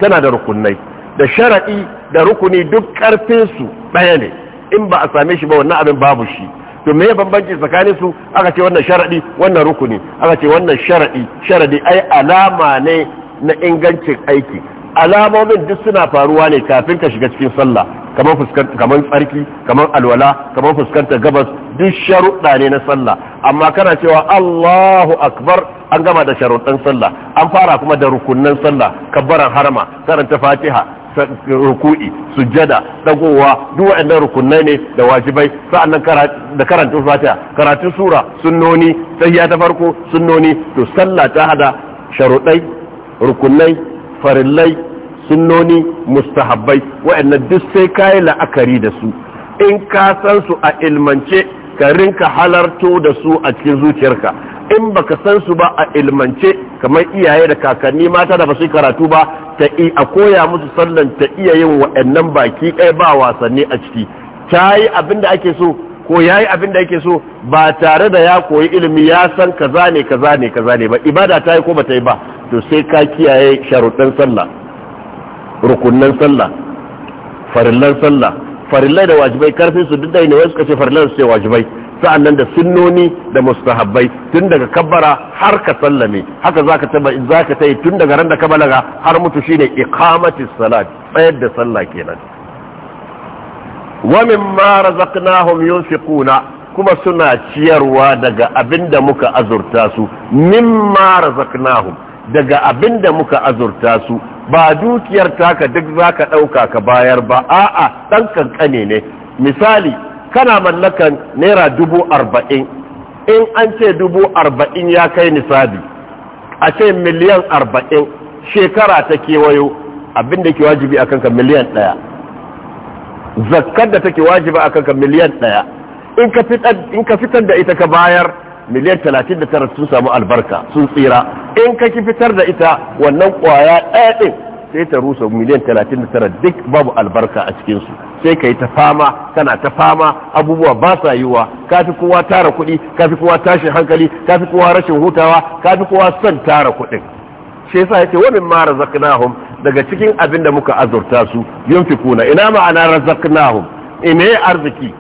tana da rukunai da sharaɗi da rukuni duk ƙarfinsu ɗaya ne in ba a same shi ba wannan abin babu shi to me bambanci tsakanin su aka ce wannan sharaɗi wannan rukuni aka ce wannan sharaɗi sharaɗi ai alama ne na ingancin aiki alamomin duk suna faruwa ne kafin ka shiga cikin sallah kamar tsarki kamar alwala kamar fuskantar gabas duk sharuɗa ne na sallah amma kana cewa Allahu akbar an gama da sharuɗan sallah an fara kuma da rukunan sallah kabbaran harama karanta fatiha ruku'i sujjada dagowa duk waɗannan rukunai ne da wajibai sa'annan da karanta fatiha karatun sura sunnoni tahiyya ta farko sunnoni to sallah ta hada sharuɗai rukunai farillai sunnoni mustahabbai waɗannan duk sai kayi la'akari da su in ka san su a ilmance ka rinka halarto da su a cikin zuciyarka in baka san su ba a ilmance kamar iyaye da kakanni mata da ba su karatu ba ta a koya musu sallan ta iya yin waɗannan baki ɗaya ba wasanni a ciki ta yi abin da ake so ko ya yi abin da yake so ba tare da ya koyi ilimi ya san kaza ne kaza ne kaza ne ba ibada ta yi ko ba ta yi ba to sai ka kiyaye sharuɗɗan sallah rukunnan sallah farillan sallah farillai da wajibai karfin su duk da ne wasu kace farillan su ce wajibai sa'annan da sunnoni da mustahabbai tun daga kabbara har ka sallame haka zaka taba zaka tai tun daga ran da ka balaga har mutu shine iqamatis salat tsayar da sallah kenan wa mimma razaqnahum yunfiquna kuma suna ciyarwa daga abinda muka azurta su mimma razaqnahum daga abinda muka azurta su ba dukiyar taka duk zaka dauka ka bayar ba a'a dan kankane ne misali kana mallakan naira dubu arba'in in an ce dubu arba'in ya kai nisabi a ce miliyan arba'in shekara ta kewayo abinda ke wajibi a kanka miliyan ɗaya zakkar da take wajiba akan ka miliyan ɗaya in ka fitar da ita ka bayar miliyan talatin da tara sun samu albarka sun tsira in ka ki fitar da ita wannan kwaya ɗaya ɗin sai ta rusa miliyan talatin da tara duk babu albarka a cikinsu sai ka yi ta fama kana ta fama abubuwa ba sa yiwuwa ka fi kowa tara kuɗi ka fi kowa tashin hankali ka fi kowa rashin hutawa ka fi kowa son tara kuɗin shi yasa yace mara mimma hum daga cikin abin da muka azurta su fikuna ina ma'ana ina yi arziki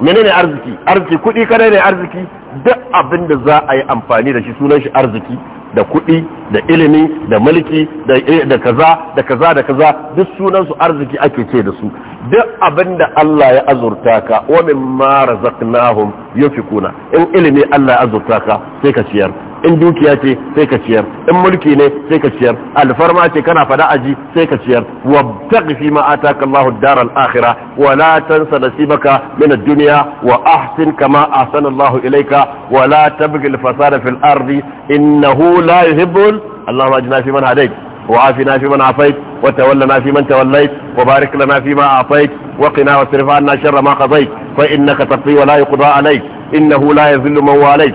menene arziki arziki kudi kada ne arziki duk abin da za a yi amfani da shi sunan shi arziki da kuɗi da ilimi da mulki da eh, kaza da kaza da kaza duk sunansu arziki ake ce da su duk abin da Allah ya azurta ka wa mimma razaqnahum yufikuna in ilimi Allah ya azurta ka sai ka ciyar in dukiya ce sai ka ciyar in mulki ne sai ka ciyar alfarma ce kana fada aji sai ka ciyar wa taqi fi ma ataka Allahu ad-dar al-akhirah wa la tansa nasibaka min ad-dunya wa ahsin kama ahsana Allahu ilayka wa la tabghi al-fasada fil ardi innahu la yuhibbu Allahu ajna fi man hadayt wa wa afina fi fi man afayt man tawallayt wa barik lana fi ma afayt wa qina wa sirfa anna sharra ma qadayt fa innaka taqi wa la yuqda alayk innahu la yuzillu man walayt